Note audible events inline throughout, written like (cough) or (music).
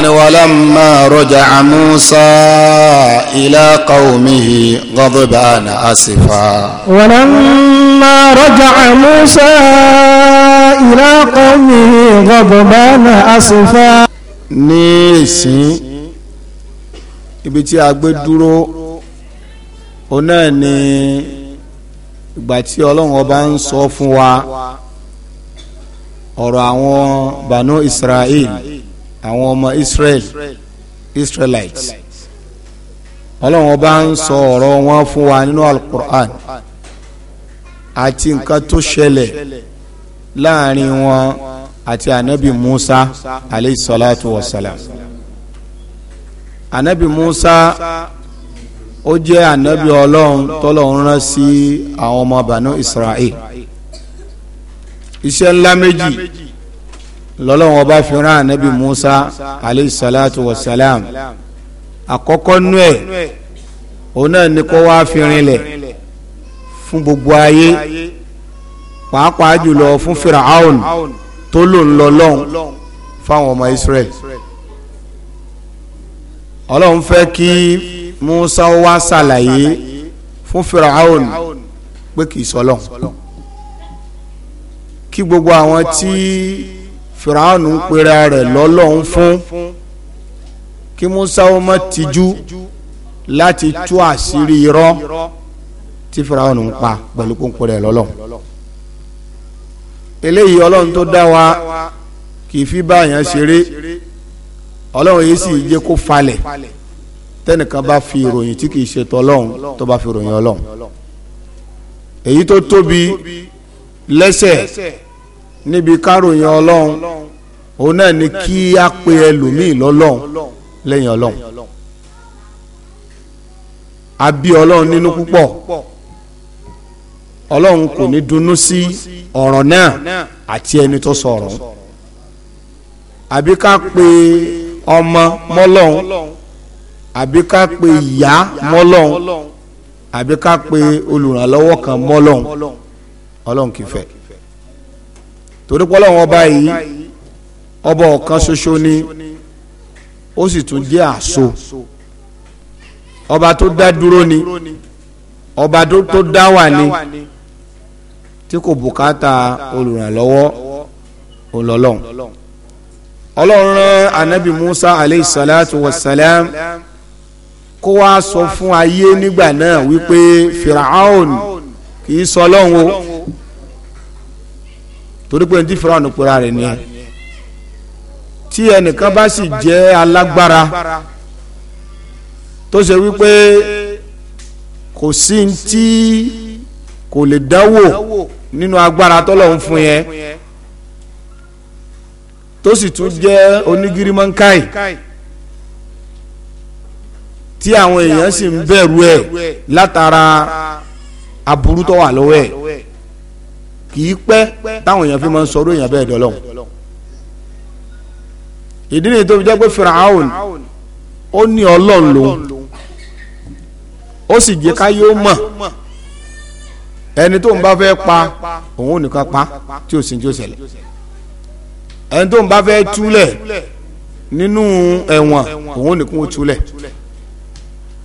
ọlọ́run ni walamma raja'a Musa ila qawmihi ghadbana asifa. walamma raja'a Musa ila qawmihi ghadbana asifa. ní ìsín ibi tí a gbé dúró òun náà ni ìgbà tí ọlọ́run ọba ń sọ fún wa ọ̀rọ̀ àwọn banu Israel. Israel àwọn ọmọ Israel Israelites ọlọ́run ọba ń sọ ọ̀rọ̀ wọn fún wa nínú alukur'an àti nǹkan tó ṣẹlẹ̀ láàrin wọn àti anabi Musa alayhi salatu wa salam anabi Musa ó jẹ́ anabi ọlọ́run tọ́lọ́run rán sí àwọn ọmọ bànú Israel iṣẹ́ ńlá méjì lọ́lọ́wọ́n bá fi rán anabi musa alayhi salatu wa salam àkọ́kọ́ nú ẹ̀ òun náà ni kó wá fi rinlẹ̀ fún gbogbo ayé pàápàá jùlọ fún firaun tó lò ń lọ fáwọn ọmọ israel ọlọ́run fẹ́ kí musa wá ṣàlàyé fún firaun pé kì í sọlọ́hùn kí gbogbo àwọn tí. Tí firaun ń pera rẹ̀ lọ́lọ́run fún kí musa ó má tijú láti tú àṣírí irọ́ tí firaun ń pa pẹ̀lú kó ń pera rẹ̀ lọ́lọ́run eléyìí ọlọ́run tó dá wa kì í fi báyàn ṣeré ọlọ́run yìí sì jẹ́ kó falẹ̀ tẹnìkan bá fi ìròyìn tí kì í ṣe tọlọ́run tó bá fi ìròyìn ọlọ́run èyí tó tóbi lẹ́sẹ̀ níbi káròyìn ọlọ́run òun náà ni kí á pe ẹlòmíì lọ́lọ́run lẹ́yìn ọlọ́run a bí ọlọ́run nínú púpọ̀ ọlọ́run kò ní dunnú sí ọ̀rọ̀ náà àti ẹni tó sọ ọ̀rọ̀ àbí ká pe ọmọ mọ́lọ́run àbí ká pe ìyá mọ́lọ́run àbí ká pe olùrànlọ́wọ́ kan mọ́lọ́run ọlọ́run kìí fẹ́ torí pé Ọlọ́run ọba yìí ọba ọ̀kan ṣoṣo ni ó sì tún jẹ́ àṣọ ọba tó dá dúró ni ọba tó dá wà ni tí kò bùkátà olùrànlọ́wọ́ ọlọ́lọ́n ọlọ́run rán anabi musa aleyhi salatu wa salam kó wá sọ fún ayé nígbà náà wípé firaun kì í sọ ọlọ́run o torí pé ti fúra ọ̀nù pera rẹ̀ nìyẹn tí ẹnìkan bá sì jẹ́ alágbára tó ṣe wípé kò sí tí kò lè dáwò nínú agbára tọ́lọ́hun fún yẹn tó sì tún jẹ́ onígírímọ́ńkáì tí àwọn èèyàn sì ń bẹ̀rù ẹ̀ látara aburú tó wà lọ́wọ́ ẹ̀ kì í pẹ́ táwọn èèyàn fi máa ń sọ̀rọ̀ èèyàn bẹ́ẹ̀ dọ́lọ́ ìdí nìyí tó fi jẹ́ pé Firaun ó ní ọlọ́run lòun ó sì jẹ́ ká yóò mọ̀ ẹni tó ń bá fẹ́ pa òun ò nìkan pa tí ò sí tí ó ṣẹlẹ̀ ẹni tó ń bá fẹ́ túlẹ̀ nínú ẹ̀wọ̀n òun nìkan ó túlẹ̀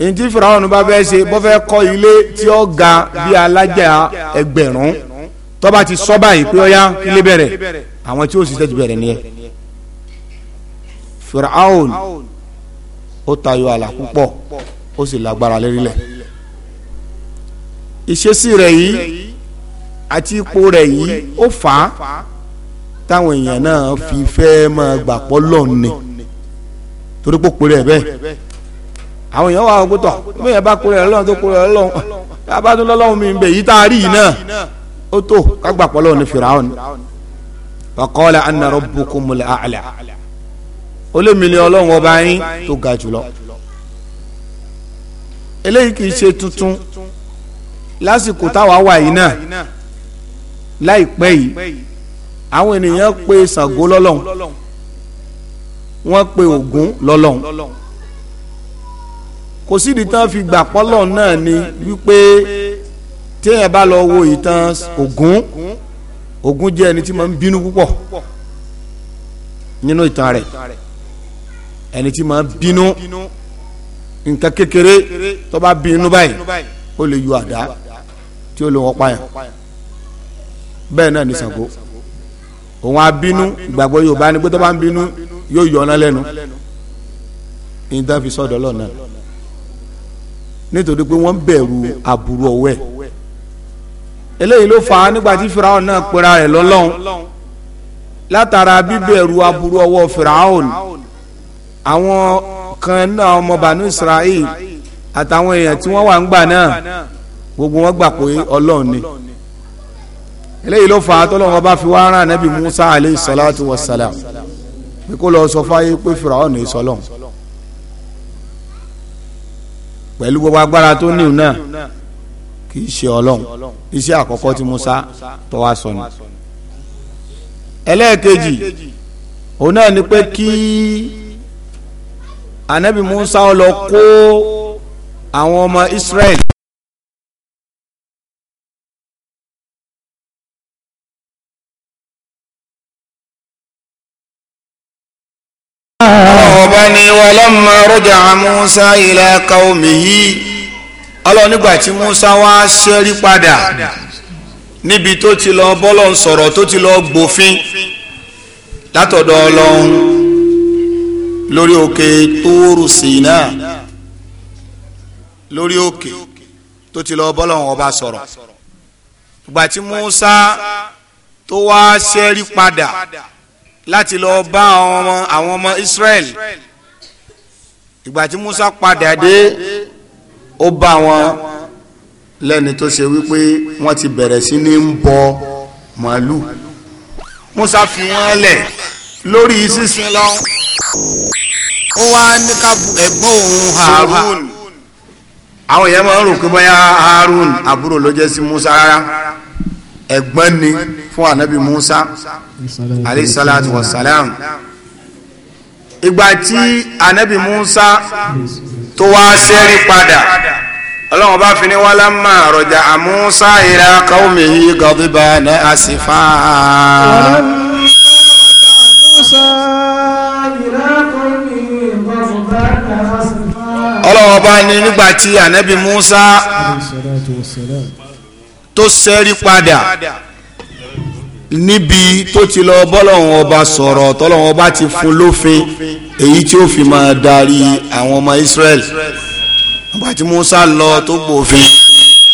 èyí tí Firaun bá fẹ́ ṣe bọ́ fẹ́ kọ́ ilé tí ó ga bí alájà ẹgbẹ̀rún tọ́ba ti sọ báyìí pé ọ̀yá ilé bẹ̀rẹ̀ àwọn tí ó sì tẹ́jú bẹ̀rẹ̀ nìyẹn firaun ó tayọ àlà púpọ̀ ó sì lágbára lérílẹ̀ ìṣesí rẹ̀ yìí àti ipò rẹ̀ yìí ó fà á táwọn èèyàn náà fi fẹ́ máa gbàpọ̀ lọ́ọ̀nì torí pé kúrẹ́ bẹ́ẹ̀ àwọn èèyàn wà ó gbótọ̀ bí èèyàn bá kúrẹ́ lọ́wọ́ tó kúrẹ́ lọ́wọ́ bá tún lọ́wọ́ bẹ̀ yìí tá a rí yìí náà ó tó kágbà pọ̀ lọ́wọ́ ní firaun wàkọ́lá anna rabbukumul a'la olómìnira ọlọ́run ọba yín tó ga jùlọ eléyìí kì í ṣe tuntun lásìkò táwa wà yìí náà láìpẹ́ yìí àwọn ènìyàn pe Ṣàngó lọ́lọ́run wọ́n pe Ògún lọ́lọ́run kò sídìí tán fi gbà pọ́lọ́ náà ni wípé téèyàn bá lọ wo ìtàn Ògún Ògún jẹ́ ẹni tí máa ń bínú púpọ̀ nínú ìtàn rẹ̀ ẹni tí máa ń bínú nǹkan kékeré tó bá bínú báyìí ó lè yọ àdá tí ó lè wọ́n pààyàn bẹ́ẹ̀ náà ní Ṣàngó òun á bínú ìgbàgbọ́ Yorùbá ni pé tó bá ń bínú yóò yọ ọ́nà lẹ́nu ní dáfi lọ́nà nítorí pé wọ́n bẹ̀rù aburú ọwẹ́ eléyìí ló fà á nígbà tí firaun náà pera rẹ̀ lọ́lọ́run látara bíbẹ̀rù aburú ọwọ́ firaun àwọn kan náà ọmọ banu israel àtàwọn èèyàn tí wọ́n wà ń gbà náà gbogbo wọn gbà pé ọlọ́run ni eléyìí ló fà á bá fi wá rán anabi musa aleyhi salatu wa salam pé kó lọ sọ fáyé pé firaun ní sọlọ́run pẹ̀lú gbogbo agbára tó níwò náà kì í ṣe ọlọ́run iṣẹ́ àkọ́kọ́ tí Musa tó wá sọ ni ẹlẹ́ẹ̀kejì òun náà ni pé kí anabi Musa lọ kó àwọn ọmọ Israel ọba ni walamma raja'a Musa ila qawmihi ọlọ́run nígbà tí Musa wá ṣẹ́rí padà níbi tó ti lọ bọ́lọ̀ sọ̀rọ̀ tó ti lọ gbòfin látọ̀dọ̀ ọlọ́run lórí òkè tóoru Sínà lórí òkè tó ti lọ bọ́lọ̀ ọba sọ̀rọ̀ ìgbà tí Musa tó wá ṣẹ́rí padà láti lọ bá àwọn ọmọ Israel ìgbà tí Musa padà dé ó bá wọn lẹ́ni tó ṣe wípé wọ́n ti bẹ̀rẹ̀ sí ní ń bọ màálù musa fi wọ́n lẹ̀ lórí sísin lọ ó wá ní ká ẹ̀gbọ́n òun harun àwọn èèyàn máa ń rò pé bóyá harun àbúrò ló jẹ́ sí musa rárá ẹ̀gbọ́n ni fún anabi musa alayhi salatu wa tí anabi musa tó wá sẹ́rí padà ọlọ́run bá fi ní wọ́n lá máa rọjà àmúṣá ìlà qawmihi gadibana àsìfà. ọlọ́run bá ní nígbà tí ànábì Musa tó sẹ́rí padà níbi tó ti lọ bọ́lọ́hún ọba sọ̀rọ̀ tọ́lọ́hún ọba ti fún lófin èyí tí ó fi máa darí àwọn ọmọ Israel ọba tí Musa lọ tó gbòfin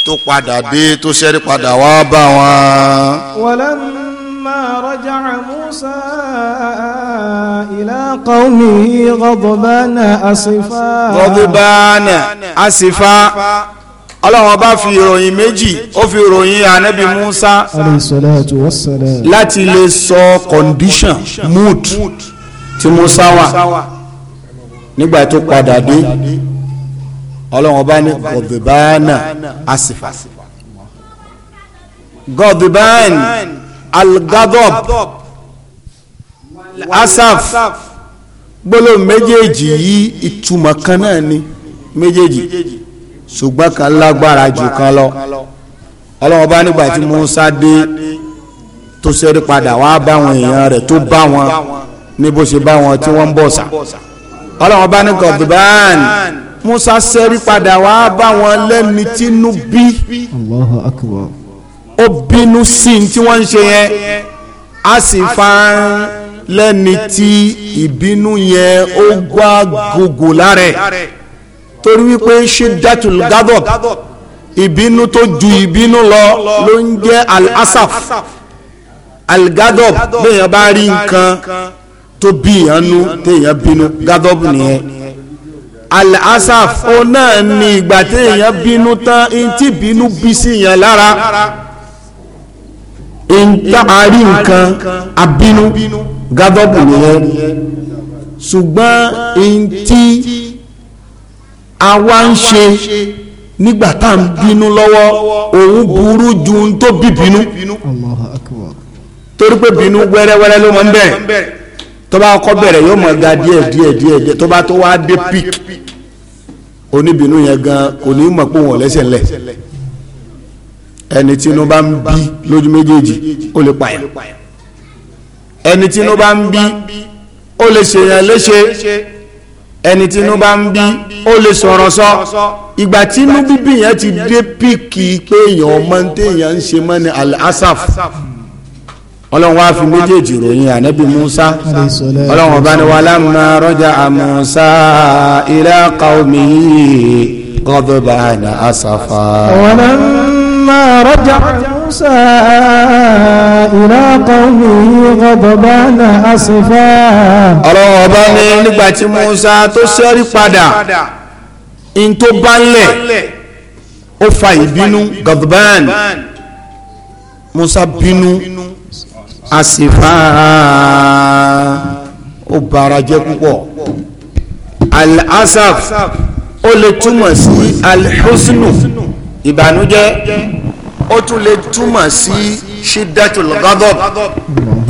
tó padà dé tó ṣẹ́rí padà wá bá wọn. walamma raja'a Musa ila qawmihi ghadbana ọlọ́run ọba fi ìròyìn méjì ó fi ìròyìn anabi musa láti lè sọ condition mood tí musa wà nígbà tó padà dé ọlọ́run ọba ní gọ̀dùbánà àsìfà gọ̀dùbán algadob asaf gbólóhùn méjèèjì yìí ìtumọ̀ kan náà ni méjèèjì ṣùgbọ́n kan lágbára jù kan lọ ọlọ́wọ́n bá nígbà tí Musa dé tó ṣẹ́rí padà wá báwọn èèyàn rẹ̀ tó bá wọn ní bó ṣe bá wọn tí wọ́n ń bọ̀ sà ọlọ́wọ́n bá ní gọ̀dùbán Musa ṣẹ́rí padà wá bá wọn lẹ́ni tínú bí Allahu Akbar ó bínú sí tí wọ́n ń ṣe yẹn a sì fa lẹ́ni tí ìbínú yẹn ó gbá gògò lára ẹ̀ torí wípé shiddatul gadab ìbínú tó ju ìbínú lọ ló ń jẹ́ al-asaf al-gadab bẹ́ẹ̀ bá rí nǹkan tó bí ìyànnu téèyàn bínú gadab nìyẹn al-asaf ó náà ní ìgbà téèyàn bínú tán ntí bínú bí sí yẹn lára ntaari nǹkan abínú gadab nìyẹn ṣùgbọ́n ntí àwa ń ṣe nígbà tá à ń bínú lọ́wọ́ òun burú ju ohun tó bí bínú torí pé bínú wẹ́rẹ́wẹ́rẹ́ ló máa ń bẹ̀rẹ̀ tó bá kọ́ bẹ̀rẹ̀ yóò máa ga díẹ̀ díẹ̀ díẹ̀ tó bá tó wá dé pík oníbínú yẹn gan kò ní mọ̀ pé òun ò lẹ́sẹ̀ lẹ̀ ẹni tí inú bá ń bí lójú méjèèjì ó lè pààyàn ẹni tí inú bá ń bí ó lè ṣèyàn léṣe ẹni tínú bá ń bí ó lè sọ̀rọ̀ sọ ìgbà tínú bíbí yẹn ti dé píìkì pé èèyàn ọmọ téèyàn ń ṣe mọ́ ni al-asaf ọlọ́run wá fi méjèèjì ròyìn ànábì musa ọlọ́run ọba ni walamma raja'a musa ila qawmihi ghadbana asafa. walamma raja'a. موسى إلى قومه غضبان أسفا ọlọ́wọ́ ọba ní nígbà tí Musa tó ṣẹ́rí padà in tó bá lẹ̀ ó fa ìbínú gọ̀dọ̀bán Musa bínú àsìfà ó bara jẹ́ púpọ̀ al-asaf ó lè túmọ̀ sí ó tún lè túmọ̀ sí ṣídẹ́tù gádọ́b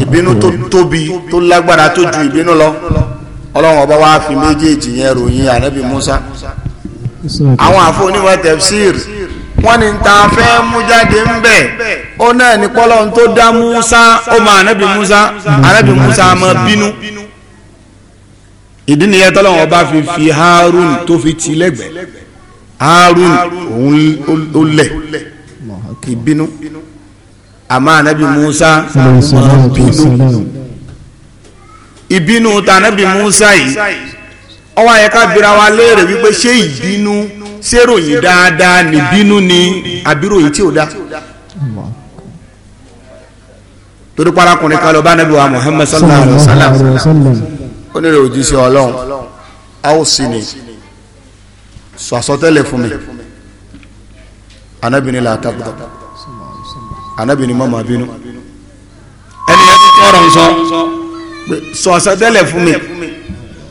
ìbínú tó tóbi tó lágbára tó ju ìbínú lọ ọlọ́run ọba wa fi méjèèjì yẹn ròyìn ànábì Musa àwọn àfọ onímọ̀ tẹ̀fsíìr wọ́n ní ta fẹ́ mú jáde ń bẹ̀ ó náà ní pọ́lọ́n tó dá Musa ó mọ ànábì Musa ànábì Musa mọ bínú ìdí nìyẹn tọ́lọ́run ọba fi fi Harun tó fi ti lẹ́gbẹ̀ẹ́ Harun òun ó lẹ̀ kì í bínú àmọ́ anabi musa máa bínú ìbínú ta anabi musa yìí ọwọ́ ayẹ ká bira wa léèrè wípé ṣé ìbínú ṣé ròyìn dáadáa níbínú ni àbí ròyìn tí ò dá torí parakùnrin kan lọ bá anabi wa muhammad sallallahu alaihi wa sallam ó nílò òjíṣẹ́ ọlọ́run a ó sì ní sọ àsọtẹ́lẹ̀ fún mi. Anabini ni la takuta anabi mama bínú ẹni yẹn ti tọrọ nsọ sọsọ tẹlẹ fún mi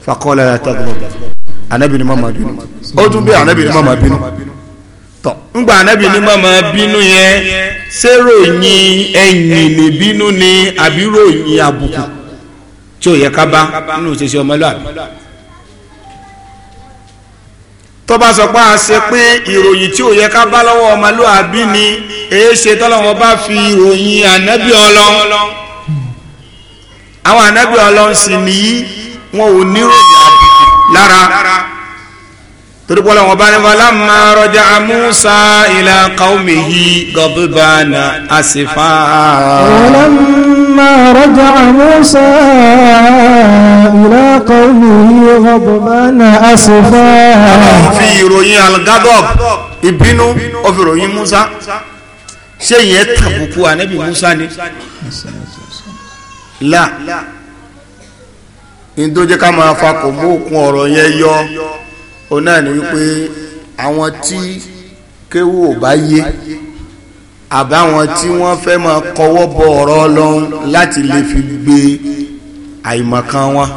fakọọlẹ la takuta anabi ni mama bínú o tún bẹ anabi mama bínú tọ ngba anabi ni mama bínú yẹn sẹròyìn ẹ̀yìn ni bínú ni àbí ròyìn àbùkù tí o yẹ ká bá nínú òṣèṣe ọmọlúwàbí tó bá sọ pé a ṣe pé ìròyìn tí ò yẹ ká bá lọ́wọ́ ọmọlúàbí ni èé ṣe tọ́lọ́wọ́n bá fi ìròyìn ànábì ọlọ́run àwọn ànábì ọlọ́run sì nìyí wọn ò níròyìn àbùkù lára torí pọ́lọ́ wọn bá ní falamma raja'a Musa ila qawmihi ghadbana asifa. falamma raja'a Musa ila qawmihi ghadbana asifa. ọlọ́run fi ìròyìn al-ghadab ìbínú ó fi ròyìn Musa ṣé ìyẹn tàbùkù ànábì Musa ni la ní ká máa fa kò mú òkun ọ̀rọ̀ yẹn yọ òun náà ni wípé àwọn tí kéwù ò bá yé àbáwọn tí wọ́n fẹ́ máa kọwọ́ bọ ọ̀rọ̀ ọlọ́run láti lè fi gbé àìmọ̀kan wọn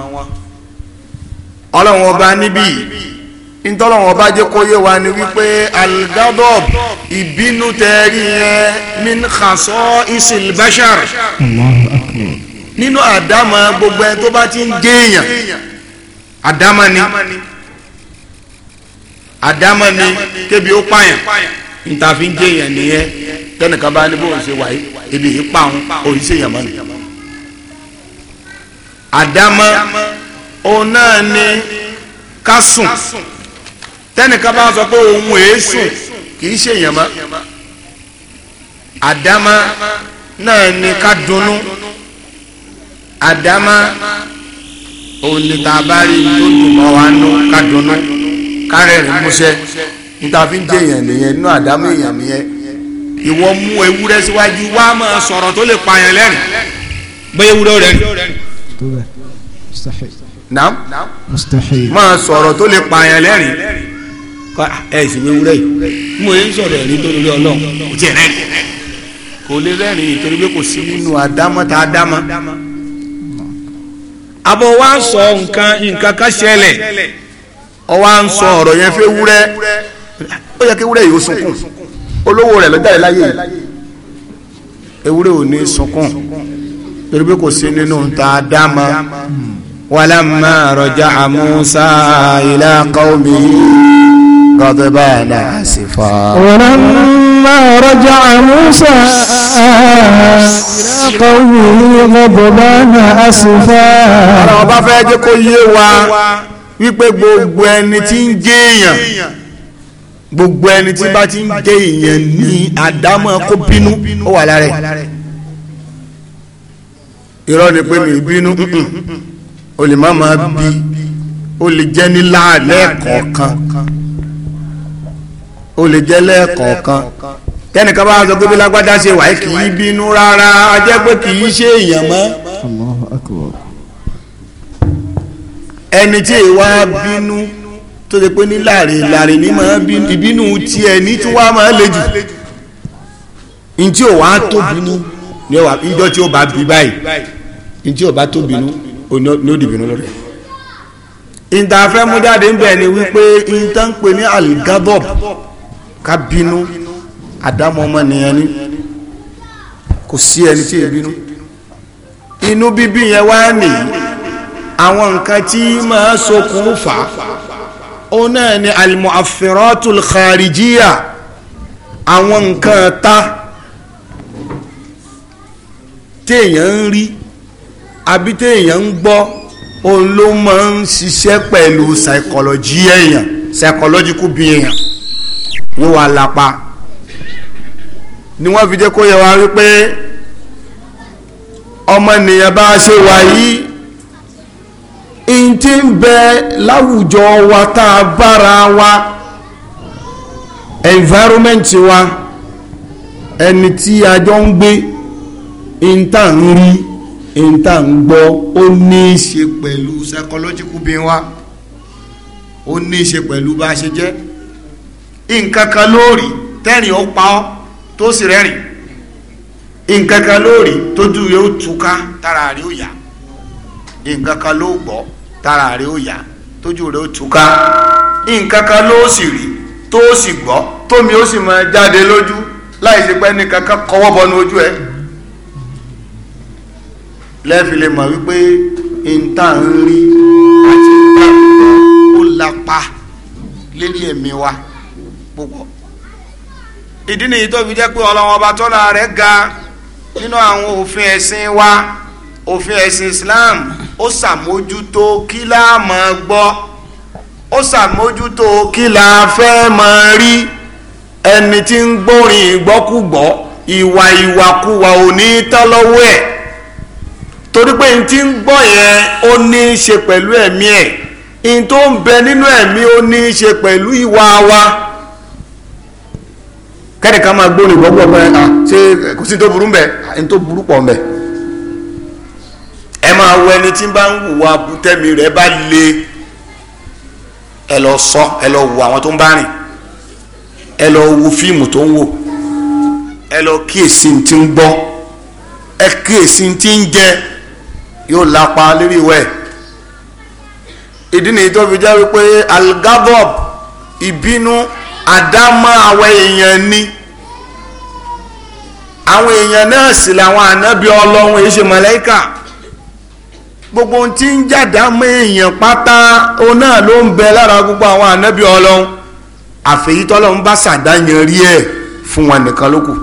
ọlọ́run ọba níbí ntọ́lọ́run ọba jẹ́ kó yé wa ni wípé algadob ìbínú tẹ́rí yẹn min khasọ isilbashar bashar nínú àdámọ̀ gbogbo ẹni tó bá ti ń jẹ́ èèyàn àdámọ̀ ni àdámọ́ ni kébi ó pààyàn ntàfi ń jẹyàn nìyẹn tẹnìkan bá ní bóun ṣe wáyé ebi yìí pa òun òun ṣe yàmọ́ ni. àdámọ́ òun náà ni ká sùn tẹnìkan bá sọ pé òun èé sùn kì ṣe yàmọ́ àdámọ́ náà ni ká dunnú àdámọ́ òun ni tá a bá rí yóò dùn mọ́ wa nú ká dunnú kárẹ̀ rẹ̀ múṣẹ́ níta fi ń jẹ́ èèyàn nìyẹn nínú àdámọ́ èèyàn nìyẹn ìwọ mú ewúrẹ́ síwájú wá máa sọ̀rọ̀ tó lè pààyàn lẹ́nu bóyá ewúrẹ́ rẹ̀ naam máa sọ̀rọ̀ tó lè pààyàn lẹ́rìn ẹ sì ní ewúrẹ́ yìí mo ń sọ̀rọ̀ ẹ̀rín tó lórí ọlọ́run kò tiẹ̀ rẹ́rìn kò lè rẹ́rìn nítorí pé kò sí nínú àdámọ́ tá a dámọ́ abọ́ wa sọ nǹkan nǹkan kan ṣẹlẹ̀ ọwọ́ à ń sọ ọ̀rọ̀ yẹn fẹ́ wúrẹ́ ó yẹ kí wúrẹ́ yìí ó sunkún olówó rẹ̀ lọ́jà ìláyè ewúrẹ́ ò ní sunkún torí pé kò sí nínú ta dáma wàlámà rọjà àmúṣà ìlà kọ́ọ̀mì gọ́dọ̀bà náà àṣìfà. wàlámà rọjà àmúṣà ìlà kọ́ọ̀mì gọ́dọ̀bà náà àṣìfà. ọ̀rọ̀ ọba fẹ́ jẹ́ kó yé wa wípé gbogbo ẹni tí ń jẹ èèyàn gbogbo ẹni tí bá ti ń jẹ èèyàn ní àdámọ́ kó bínú ó wà lára ẹ̀ irọ́ ni pé mi bínú o lè má máa bí o lè jẹ́ ní láàlẹ́ kọ̀ọ̀kan o lè jẹ́ lẹ́ẹ̀kọ̀ọ̀kan tẹnìkan bá sọ pé bí lágbádá ṣe wáyé kì í bínú rárá a jẹ́ pé kì í ṣe èèyàn mọ́ ẹni tí ìwà bínú tó ṣe pé ní láàrin láàrin ní máa bínú ìbínú tí ẹni tí wàá máa le jù ní tí ò wá tó bínú ní ọwà ìjọ tí ó bá bí báyìí ní tí ò bá tó bínú ní ó dìbínú lórí ìtafẹ́ mú jáde ń bẹ̀ ni wípé ìtàn pè ní algadob ká bínú àdámọ́mọ́ nìyẹn ni kò sí ẹni tí ì bínú inú bíbí yẹn wá nìyí àwọn nǹkan tí máa sokùn fà ó náà ni almu'affiratul kharijiya àwọn nǹkan ta téèyàn ń rí àbí téèyàn ń gbọ́ òun ló máa ń ṣiṣẹ́ pẹ̀lú psychology èèyàn psychological bí èèyàn wọ́n wà lápá ni wọ́n fi jẹ́ kó yẹ wá wípé ọmọnìyàn bá ṣe wà in ti ń bẹ láwùjọ wa tá a bára wa environment wa ẹni tí a jọ ń gbé in tá ń rí in tá ń gbọ́ ó ní í ṣe pẹ̀lú psychological being wa ó ní í ṣe pẹ̀lú bá a ṣe jẹ́ nǹkan kan lóòrì tẹ́rìn ó pa ọ́ tó sì rẹ́rìn nǹkan kan lóòrì tójú yóò túká tára rí ó yá nǹkan kan ló gbọ́ tára rẹ̀ ó yá tójú rẹ̀ ó túká nǹkan kan ló sì rí tó sì gbọ́ tómi ó sì máa jáde lójú láì ṣe pé nìkan kan kọwọ́ bọnú ojú ẹ̀ lẹ́ẹ̀fi lè mọ̀ wípé nta ń rí àti nta ó lapa lérí ẹ̀mí wa púpọ̀ ìdí nìyí tó fi jẹ́ pé ọlọ́wọ́n ọba tọ́lá rẹ̀ ga nínú àwọn òfin ẹ̀sìn wa òfin ẹ̀sìn Islam ó ṣàmójútó kí la máa gbọ́ ó ṣàmójútó kí la fẹ́ máa rí ẹni tí ń gbórin ìgbọ́kúgbọ́ ìwà ìwàkuwà ò ní tán lọ́wọ́ ẹ̀ torí pé n ti ń gbọ́ yẹn ó ní í ṣe pẹ̀lú ẹ̀mí ẹ̀ in tó ń bẹ nínú ẹ̀mí ó ní í ṣe pẹ̀lú ìwà wa kẹ́nìkan máa gbórin ìgbọ́kúgbọ́ pé ah, ṣé kò sí tó burú ń bẹ ah, n tó burú pọ̀ ń bẹ. ẹ máa wọ ẹni tí ń bá ń wùwà abutẹ́mi rẹ̀ bá le ẹ lọ sọ ẹ lọ wo àwọn tó ń bá rìn ẹ lọ wo fíìmù tó ń wò ẹ lọ kíyèsí tí ń gbọ́ ẹ kíyèsí tí ń jẹ yóò lápa lérí ìwẹ̀ ìdí nìyí tó fi jẹ́ wípé algabob ìbínú àdámọ́ àwọn èèyàn ni àwọn èèyàn náà sì làwọn ànábì ọlọ́run èyí ṣe mọ̀lẹ́kà gbogbo ohun tí ń jàdá mọ́ èèyàn pátá òun náà ló ń bẹ lára gbogbo àwọn ànábì ọlọ́run àfẹ̀yítọ́ ọlọ́run bá ṣàdáyan rí ẹ̀ fún wọn nìkan ló kù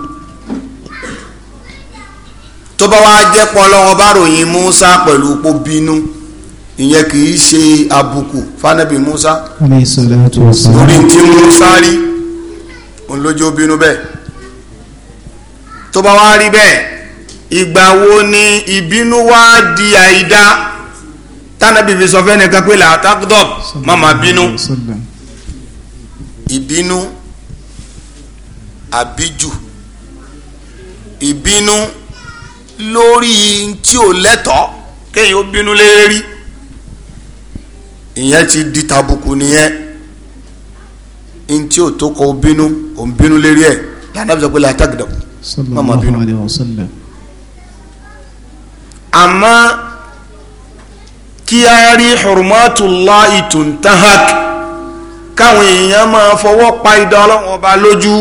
tó bá wá jẹ́ pọ́ ọlọ́run bá ròyìn Musa pẹ̀lú pó bínú ìyẹn kì í ṣe àbùkù fanabi Musa lórí tí Musa rí òun lójó bínú bẹ́ẹ̀ tó bá wá rí bẹ́ẹ̀ ìgbà wo ni ìbínú wá di àìdá tánàbí fi sọ fẹ́nìkan pé làtàkùdọ̀b má má bínú ìbínú àbíjù ìbínú lórí tí ò lẹ́tọ̀ọ́ kéèyàn ó bínú léèrí ìyẹn ti di tàbùkù nìyẹn ní tí ò tó kọ bínú ò ń bínú léèrí ẹ̀ tánàbí sọ pé làtàkùdọ̀b má bínú. àmọ́ kí hurmatullahi tuntahak káwọn èèyàn máa fọwọ́ pa idà ọlọ́run ọba lójú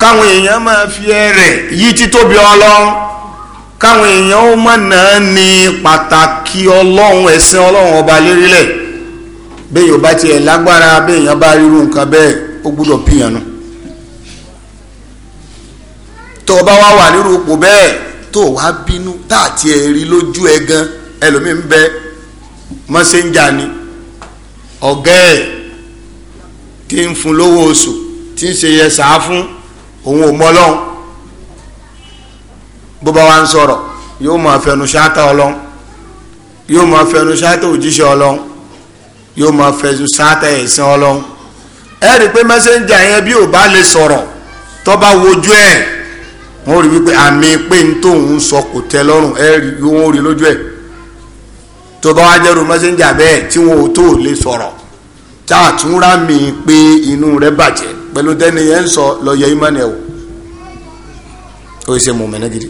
káwọn èèyàn máa fi yí títóbi ọlọ́run káwọn èèyàn ó náà ní pàtàkì ọlọ́run ẹ̀sìn ọlọ́run ọba lérílẹ̀ bá tiẹ̀ lágbára bá nǹkan bẹ́ẹ̀ ó gbúdọ̀ tó o bá wà nírú ipò bẹ́ẹ̀ tó wá bínú tá àti ẹ̀ rí lójú ẹ gan ẹlòmíín bẹ mọ́sẹ́ńjà ni ọ̀gá ẹ̀ tí ń fún lówó oṣù tí ń ṣe yẹ sàá fún òun ò mọ ọlọ́run bó bá wa ń sọ̀rọ̀ yóò máa fẹnu ṣáátá ọlọ́run yóò máa fẹnu ṣáátá òjíṣẹ́ ọlọ́run yóò máa fẹnu ṣáátá ẹ̀sìn ọlọ́run ẹ rí i pé mẹ́sẹ̀njà yẹn bí ò bá lè sọ̀rọ̀ tó bá wojú ẹ̀ wọ́n rí wípé àmì pé n tóun sọ kò tẹ́ lọ́rùn ẹ rí wọ́n rí lójú ẹ̀ tó bá wá jẹ́rú mọ́sẹ́ńjà bẹ́ẹ̀ tí wọn ò tó lè sọ̀rọ̀ tá a tún rá mi pé inú rẹ̀ bàjẹ́ pẹ̀lú tẹ́ni yẹn ń sọ lọ́yẹ ìmọ̀nìyàn o ṣe mọ̀mọ́ náà gidi.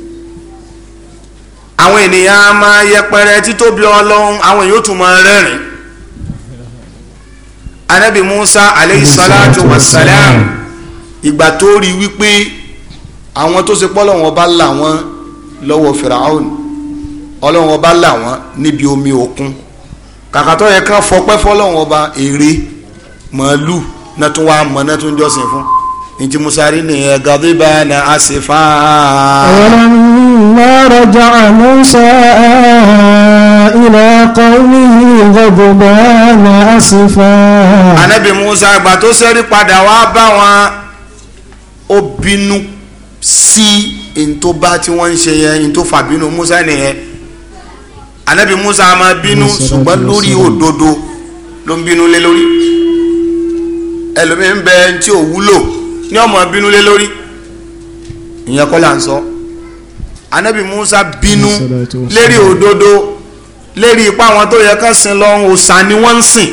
àwọn ènìyàn á máa yẹpẹrẹ títóbi ọlọ́run àwọn èèyàn ó tún máa rẹ́rìn. anabi musa aleyhi salatu wa salam ìgbà tó rí wípé àwọn tó ṣe pọ́ lọ́wọ́ bá là wọ́n lọ́wọ́ fìràhùn ọlọ́wọ́ bá là wọ́n níbi omi òkun kàkàtọ́ yẹ kán fọpẹ́ fọlọ́wọ́ bá èrè màálù náà tún wá mọ̀ náà tún jọ́sìn fún nti musari ni gadiba na asifa. ولما رجع موسى إلى قومه غضبان أسفا. Ànábì Musa ìgbà tó padà wá bá wọn ó sí ntoba tí wọ́n ń ṣe yẹn ntofa bínú musa nìyẹn anabi musa ma bínú ṣùgbọ́n lórí òdodo ló ń bínú lé lórí ẹlòmíín bẹ tí ò wúlò ní ọmọ bínú lé lórí ìyẹn kọ́ là anabi musa bínú lérí òdodo lérí ipa àwọn tó yẹ ká sin lọ́hùn òòṣà ni wọ́n ń sìn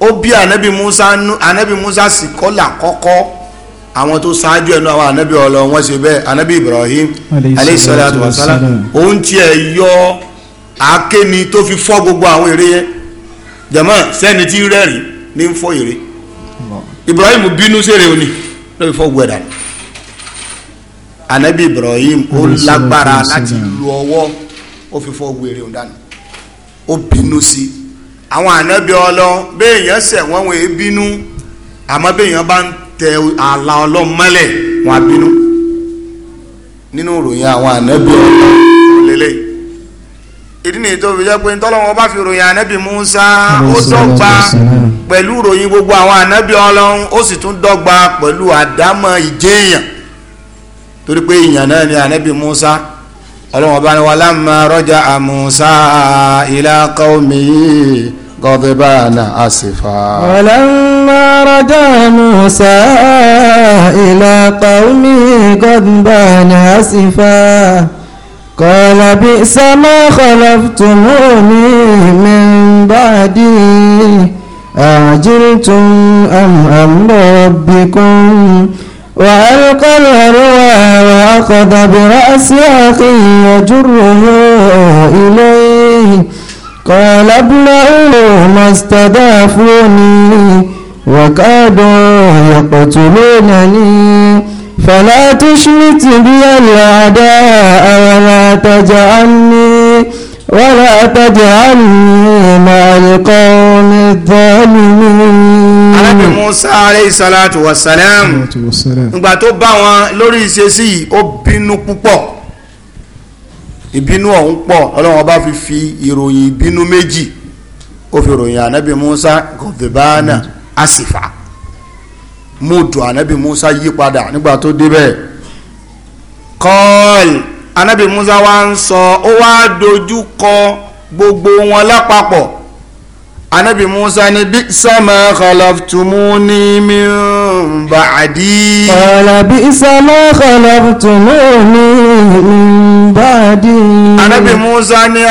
ó bí anabi musa sì kọ́ là kọ́kọ́ àwọn tó ṣáájú ẹnu àwọn anabi ọlọ wọn ṣe bẹ́ẹ̀ anabi ibrahim aleyhisalatu wasala òun tiẹ̀ yọ akéni tó fi fọ́ gbogbo àwọn ère yẹn jama sẹni tí rẹ́rìn ní ń fọ́ ère ibrahim bínú sèrè òní ló fi fọ́ gbogbo ẹ̀dá anabi ibrahim ó lágbára láti lu ọwọ́ ó fi fọ́ gbogbo ère òun dànù ó bínú sí àwọn anabi ọlọ bẹ́ẹ̀ yẹn sẹ̀ wọ́n wọ́n èé bínú àmọ́ bẹ́ẹ̀ yẹn bá ń tẹ ààlà ọlọ́run mọ́lẹ̀ wọn á bínú nínú ìròyìn àwọn ànábì ọlọ́run lélẹ̀ ìdí nìyí tó fi jẹ́ pé ntọ́lọ́wọ́n bá fi ròyìn ànábì Musa ó dọ́gba pẹ̀lú ròyìn gbogbo àwọn ànábì ọlọ́run ó sì tún dọ́gba pẹ̀lú àdámọ̀ ìjéèyàn torí pé èèyàn náà ni ànábì Musa ọlọ́wọ́n bá ní wa lámà rọ́jà àmùsá ìlà kọ́ọ̀mì gọ́dẹ̀bánà àsìfà. ọlọ́run. خرج موسى إلى قومه غضبان آسفا قال بئس ما خلفتموني من بعدي أعجلتم أم أمر ربكم وألقى الأروى وأخذ برأس أخي يجره إليه قال ابن ما استضافوني وكادوا يقتلونني فلا تشمت بي الأعداء ولا تجعلني ولا تجعلني مع القوم الظالمين Ànábì Mùsá alayhi salatu wa salam ìgbà tó bá wọn lórí ìṣesí ó bínú púpọ̀ ìbínú ọ̀hún pọ̀ Ọlọ́run ọba fi fi ìròyìn ìbínú méjì ó fi ròyìn Ànábì Mùsá gọ̀dẹ̀bánà àsìfà mútu anabi musa yí padà nígbà tó débẹ̀ kọ́ọ̀lì anabi musa wa ń sọ ó wá dojú kọ gbogbo wọn lápapọ̀ anabi musa ni bí sama khalaftumuni min ba'di. qala bí sama khalaftumuni min ba'di. anabi musa ni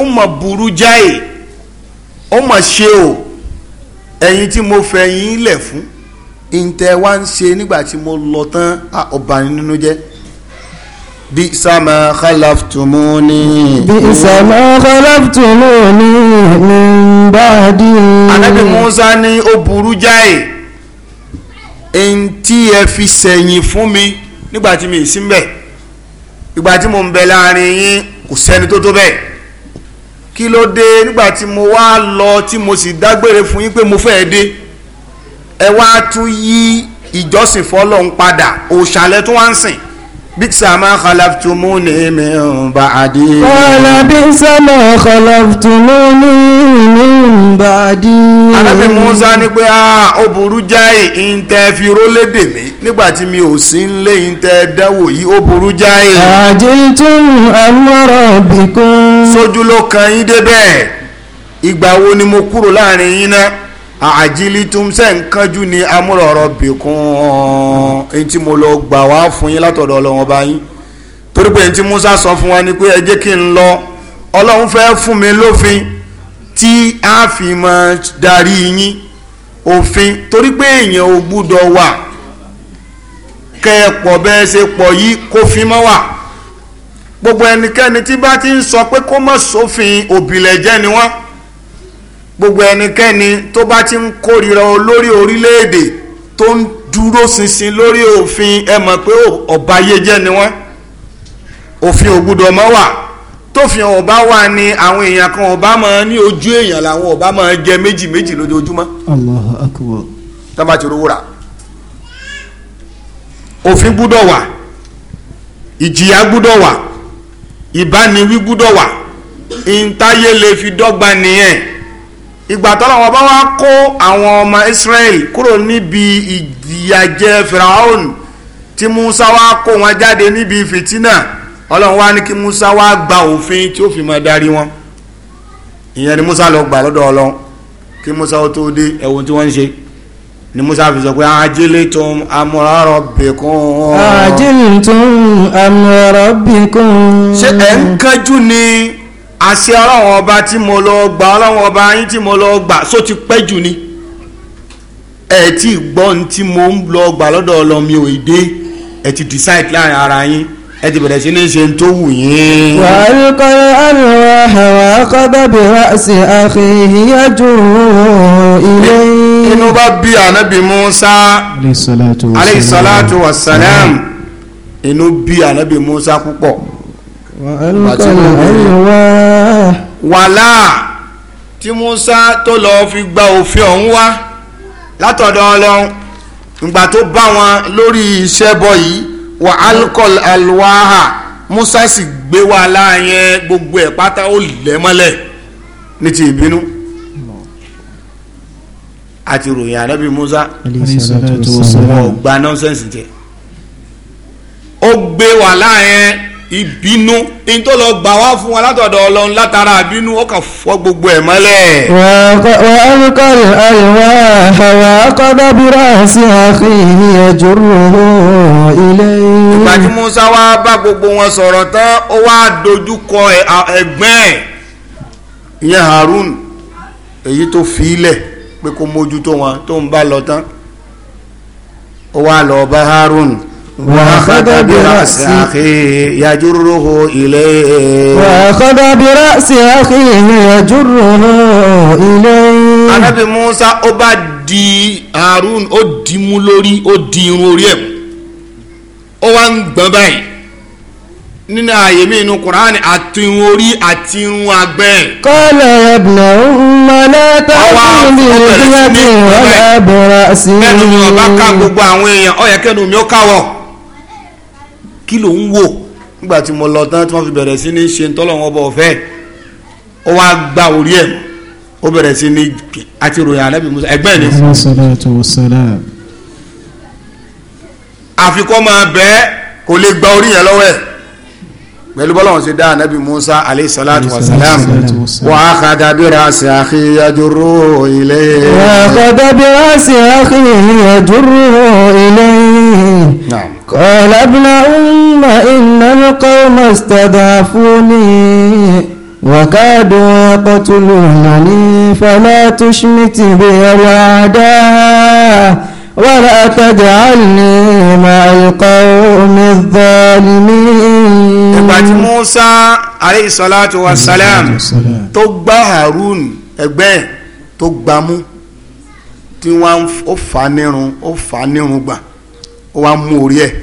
ó mà burú jáì ó mà ṣe o ẹ̀yin tí mo fẹ́ yín lẹ̀ fún ìǹtẹ̀ wá ń ṣe nígbà tí mo lọ tán ọba nínú jẹ́ bí sàmà khalaftumuni. bí sàmà khalaftumuni ní báàdì. anábì musa ní ó burú jáì ẹ̀yìn ẹ fi sẹ̀yìn fún mi nígbà tí mi ì sí mbẹ̀ ìgbà tí mo ń bẹ láàrin yín kò sẹ́ni tó tó bẹ́ẹ̀ kí ló dé nígbà tí mo wá lọ tí mo sì dágbére fún yín pé mo fẹ́ dé ẹ wá tún yí ìjọsìn fọlọ́run padà òòṣàlẹ̀ tó wá ń sìn بئس ما خلفتموني من بعدي قال بئس ما خلفتموني من بعدي Ànábì Mùsá ní pé ah ó burú jáì ìǹtẹ́ fi rólédè mí nígbà tí mi ò sí nílé ìǹtẹ́ dáwò yìí ó burú jáì. àjẹtún àmọ́rọ̀ bìkún. sójú ló kan yín débẹ̀ ìgbà wo ni mo kúrò láàrin yín náà àjílítún ṣe ń kánjú ni amúrọ̀rọ̀ bìkún ẹni tí mo lọ gbà wá fún yín látọ̀dọ̀ ọlọ́wọ́n bá yín torí pé ẹni tí Musa sọ fún wa ni pé ẹ jẹ́ kí n lọ ọlọ́run fẹ́ fún mi lófin tí a fi máa darí yín òfin torí pé èèyàn ò gbúdọ̀ wà kẹ́ ẹ pọ̀ bẹ́ẹ̀ ṣe pọ̀ yìí kó fi mọ́ wà gbogbo ẹnikẹ́ni tí bá ti ń sọ pé kó má sófin òbílẹ̀ jẹ́ ni wọ́n gbogbo ẹnikẹ́ni tó bá ti ń kórìíra olórí orílẹ̀-èdè tó ń dúró ṣinṣin lórí òfin ẹ mọ̀ pé ọ̀bàyéjẹ́ ni wọ́n òfin ò gbọ́dọ̀ máa wà tófin ọba wà ní àwọn èèyàn kan ọba máa ní ojú èèyàn làwọn ọba máa jẹ méjì méjì lójoojúmọ́. Allahu akbar. tábà ti rówó rà òfin gbọ́dọ̀ wà ìjìyà gbọ́dọ̀ wà ìbániwí gbọ́dọ̀ wà ìntayé lè fi dọ́gba nìyẹn ìgbà tọ́lọ́wọ́ bá wá kó àwọn ọmọ Israel kúrò níbi ìyàjẹ Firaun tí Musa wá kó wọn jáde níbi fìtínà Ọlọ́run wá ní kí Musa wá gba òfin tí ó fi máa darí wọn ìyẹn ni Musa lọ gbà lọ́dọ̀ Ọlọ́run kí Musa ó tó dé ẹ̀wọ̀n tí wọ́n ń ṣe ni Musa fi sọ pé ajiltum amra rabbikum. ajiltum amra rabbikum. ṣé ẹ̀ ń kánjú ni àṣẹ ọlọ́run ọba tí mo lọ gbà ọlọ́run ọba yín tí mo lọ gbà só ti pẹ́ jù ni ẹ ti gbọ́ ní tí mo ń lọ gbà lọ́dọ̀ ọlọ́mi òde ẹ ti decide láàrin ara yín ẹ ti bẹ̀rẹ̀ sí ní ṣe tó wù yín. wà á rí kọ́ àrùn àwọn akọ́dàbí àṣì àfihìyàjú ilé. inú bá bí ànábì Musa alayhi salatu wa salam inú bí ànábì Musa púpọ̀ wàlá tí Musa tó lọ fi gba òfin ọ̀hún wá látọ̀dọ̀ Ọlọ́run ìgbà tó bá wọn lórí iṣẹ́ bọ̀ yìí wà alukọl alwaha Musa sì gbé wàhálà yẹn gbogbo ẹ̀ pátá ó lẹ̀ mọ́lẹ̀ ní ti ìbínú àti ròyìn ànábì Musa wọn ò gba nọ́nsẹ̀nsì jẹ ó gbé wà láàyẹn ìbínú ní tó lọ gbà wá fún wa látọ̀dọ̀ ọlọ́run látara ìbínú ó kàn fọ́ gbogbo ẹ̀ mọ́lẹ̀. wà á ń kọ́ àìwá àwà kọ́dábírà sí àfihàn ẹ̀jọ̀rò ilé. ìgbà tí musa wá bá gbogbo wọn sọ̀rọ̀ tán ó wá dojú kọ ẹ̀gbọ́n ẹ̀ ìyẹn harun èyí tó fi í lẹ̀ pé kó mójútó wọn tó ń bá lọ tán ó wá lọ bá harun. وأخذ برأس أخيه يجره إليه وأخذ برأس أخيه يجره إليه Ànábì Mùsá ó bá di Harun ó di mú lórí ó di irun orí ẹ̀ ó wá ń gbọ́n báyìí nínú ààyè mi inú Kùránì àti irun orí àti irun agbẹ́ ẹ̀. Qala ya ibna umma la ta'khudh bi lihiyatihi wa la bi ra'sihi. ẹnu mi ò bá ká gbogbo àwọn èèyàn ó yẹ kẹ́nu mi ó káwọ́ kí ló ń wò nígbà tí mo lọ tán tí wọ́n fi bẹ̀rẹ̀ sí ní ṣe tọ́lọ́wọ́n ọba ọ̀fẹ́ ó wá gba orí ẹ̀ ó bẹ̀rẹ̀ sí ní àti ròyìn ànábì Musa ẹgbẹ́ ẹ̀ ní. àfikún máa bẹ́ẹ̀ kò lè gba orí yẹn lọ́wọ́ ẹ̀ pẹ̀lú bọ́lọ́wọ́n ṣe dá ànábì Musa alayhi salatu wa salam wa akhadha bi ra'si akhi yajurru wa akhadha bi ra'si akhi yajurru ilayhi. qala ibna um. ثم إن القوم استضعفوني وكادوا يقتلونني فلا تشمت بي الأعداء ولا تجعلني مع القوم الظالمين ìgbà tí Musa aleyhi salatu wa salam tó gbá Harun ẹgbẹ́ tó gbámú tí wọ́n ó fà nírun ó fà nírun gbà ó wá mú orí ẹ̀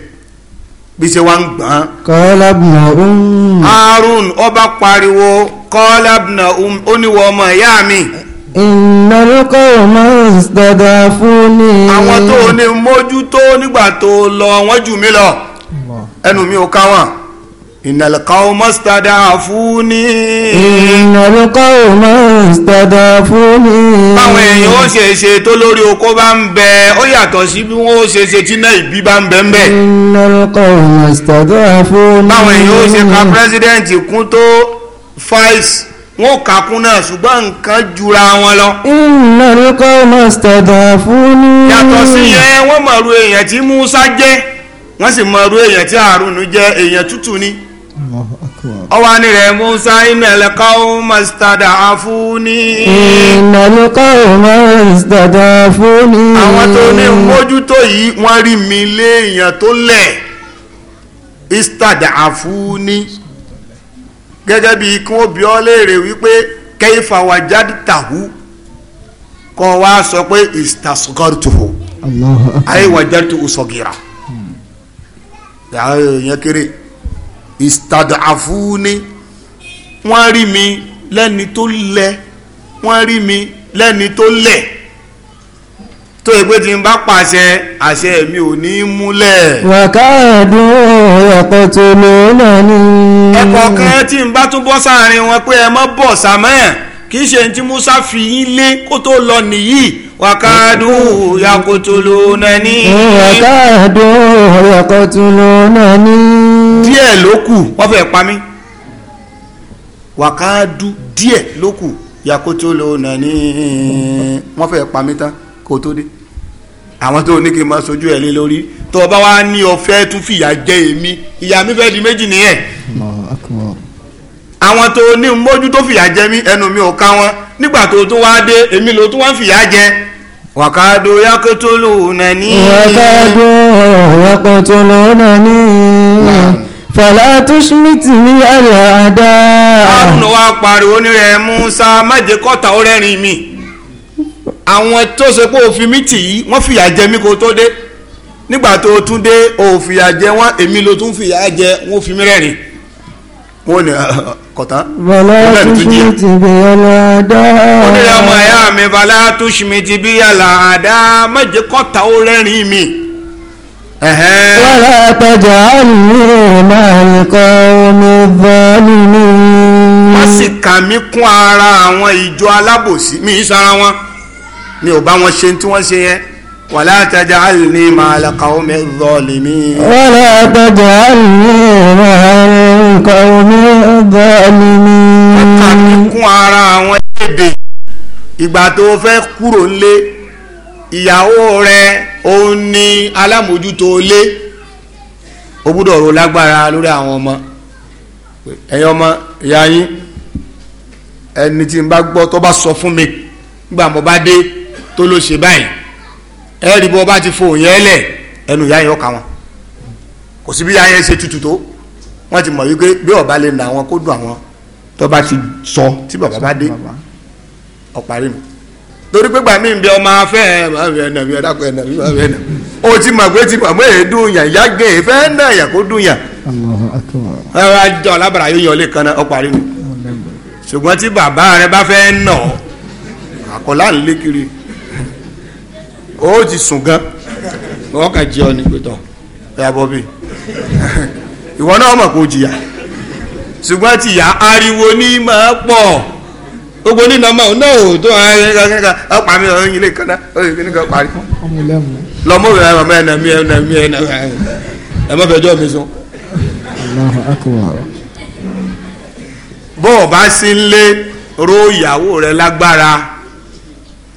bí ṣe wá ń gbọ́n. kọ́lá bùnà um. Arun ọba pariwo kọ́lá bùnà um ó ní wọ ọmọ ìyá mi. iná ló kọ́ ọmọ ìsìtẹ̀dà fún ni. àwọn tó ní mójútó nígbà tó lọ wọ́n jù mí lọ ẹnu mi ò ká wọn. إن القوم استضعفوني إن القوم استضعفوني báwọn èèyàn ó ṣe ṣe tó lórí oko bá ń bẹ ó yàtọ̀ sí bí wọ́n ó ṣe ṣe tí náà ìbí bá ń bẹ ń bẹ. إن القوم استضعفوني báwọn èèyàn ó ṣe ka pírẹsidẹ́ǹtì kún tó fáìs wọn kà kún náà ṣùgbọ́n nǹkan jura wọn lọ. إن القوم استضعفوني. yàtọ̀ sí yẹn wọ́n mọ̀ọ́rù èèyàn tí Musa jẹ́ wọ́n sì mọ̀ọ́rù èèyàn tí Harun jẹ́ èèyàn tútù ni. ọwọ́ ni rẹ̀ musa inal qawma istada'afuni. inal qawma istada'afuni. àwọn tó ní mójútó gẹ́gẹ́ kí wọ́n bi ọ́ léèrè wípé kayfa wajadtahu kọ́ wa sọ pé istasghartuhu istadafuni wọ́n rí mi lẹ́ni tó lẹ wọ́n rí mi lẹ́ni tó lẹ̀ tó yẹ pé tí n bá pàṣẹ àṣẹ mi ò ní í múlẹ̀. wàkàdùn ẹ̀kọ́ tó lò náà ni. ẹ̀kọ́ kan tí n bá tún bọ́ sáàrin wọn pé ẹ mọ́ bọ̀ sàmẹ́ kì í ṣe tí Musa fi yín lé kó tó lọ nìyí wàkàdùn ẹ̀kọ́ tó lò náà ni díẹ̀ ló kù wọ́n fẹ́ pa mí wàkàdù díẹ̀ ló kù yakoto ló nà ní wọ́n fẹ́ pa mí tán kó tó dé àwọn tó ní kí n máa sojú ẹ̀ lé lórí tó o bá wá ní ọ̀fẹ́ tún fìyà jẹ èmi ìyá mi fẹ́ di méjì nìyẹn àwọn tó ní mójú tó fìyà jẹ mí ẹnu mi ò ká wọn nígbà tó tún wá dé èmi ló tún wá ń fìyà jẹ wàkàdù yakotolo nà ní. wàkàdù yakotolo nà ní fàlá tó ṣmítì ní àlẹ́ àdá. àrùn wa pariwo ní rẹ Musa májè ó rẹ́rìn mi àwọn tó ṣe pé òfin mi tì í wọ́n fìyà jẹ mí kó tó dé nígbà tó tún dé òfìyà jẹ wọn èmi ló tún fìyà jẹ wọn fi mí rẹ́rìn wọn ni kọta. fàlá tó ṣmítì ní àlẹ́ àdá. onírẹ̀ ọmọ ẹ̀yà mi fàlá tó ṣmítì bí àlẹ́ àdá májè ó rẹ́rìn mi. ولا تجعلني مع القوم الظالمين. wọ́n sì kà mí kún ara àwọn ìjọ alábòsí mi ń sara wọn mi ò bá wọn ṣe tí wọ́n ṣe yẹn. ولا تجعلني مع القوم الظالمين ولا تجعلني مع القوم الظالمين. wọ́n kà mí kún ara àwọn èdè ìgbà tó fẹ́ kúrò ńlé ìyàwó rẹ òun ni alámòjútó ilé ó gbúdọ̀ ro lágbára lórí àwọn ọmọ ẹ̀yin ọmọ ìyá yín ẹni tí n bá gbọ́ tó bá sọ fún mi nígbà mo bá dé tó ló ṣe báyìí ẹ rí bó bá ti fo òyìn ẹlẹ̀ ẹnu ìyá yẹn ọkà wọn kò sí bí ìyá yẹn ṣe tutù tó wọ́n ti mọ̀ wípé bí ọba lè nà wọn kó dùn àwọn tó bá ti sọ tí bàbá bá dé ọ̀parí mi. torí pé gbàmí ń bẹ ọmọ afẹ́ bàbá ẹnàbí ọ̀dàpọ̀ ẹnàbí o ti mọ̀ pé ti mọ̀ pé èédúnyà ìyá gé ìfẹ́ e, náà kó dúnyà ẹ̀rọ ajọ alábàrà yóò yan lẹ́ẹ̀kan náà mi ṣùgbọ́n tí bàbá rẹ bá fẹ́ nà àkọlá ń o ti sùn gan ọ kà ọ ní ìwọ náà mọ̀ kó jìyà ṣùgbọ́n ariwo ní máa gbogbo nínú ọmọ òun náà ò tó ọ̀pá mi ọ̀hún ilé kan náà ọ̀hún ilé kan parí. lọ́mọ rẹ̀ ọmọ ẹ̀ nàmí ẹ̀ nàmí ẹ̀ nàmí ẹ̀ mọ́ fẹjọ́ mi sùn. bọ́ọ̀ bá sí lé ró ìyàwó rẹ̀ lágbára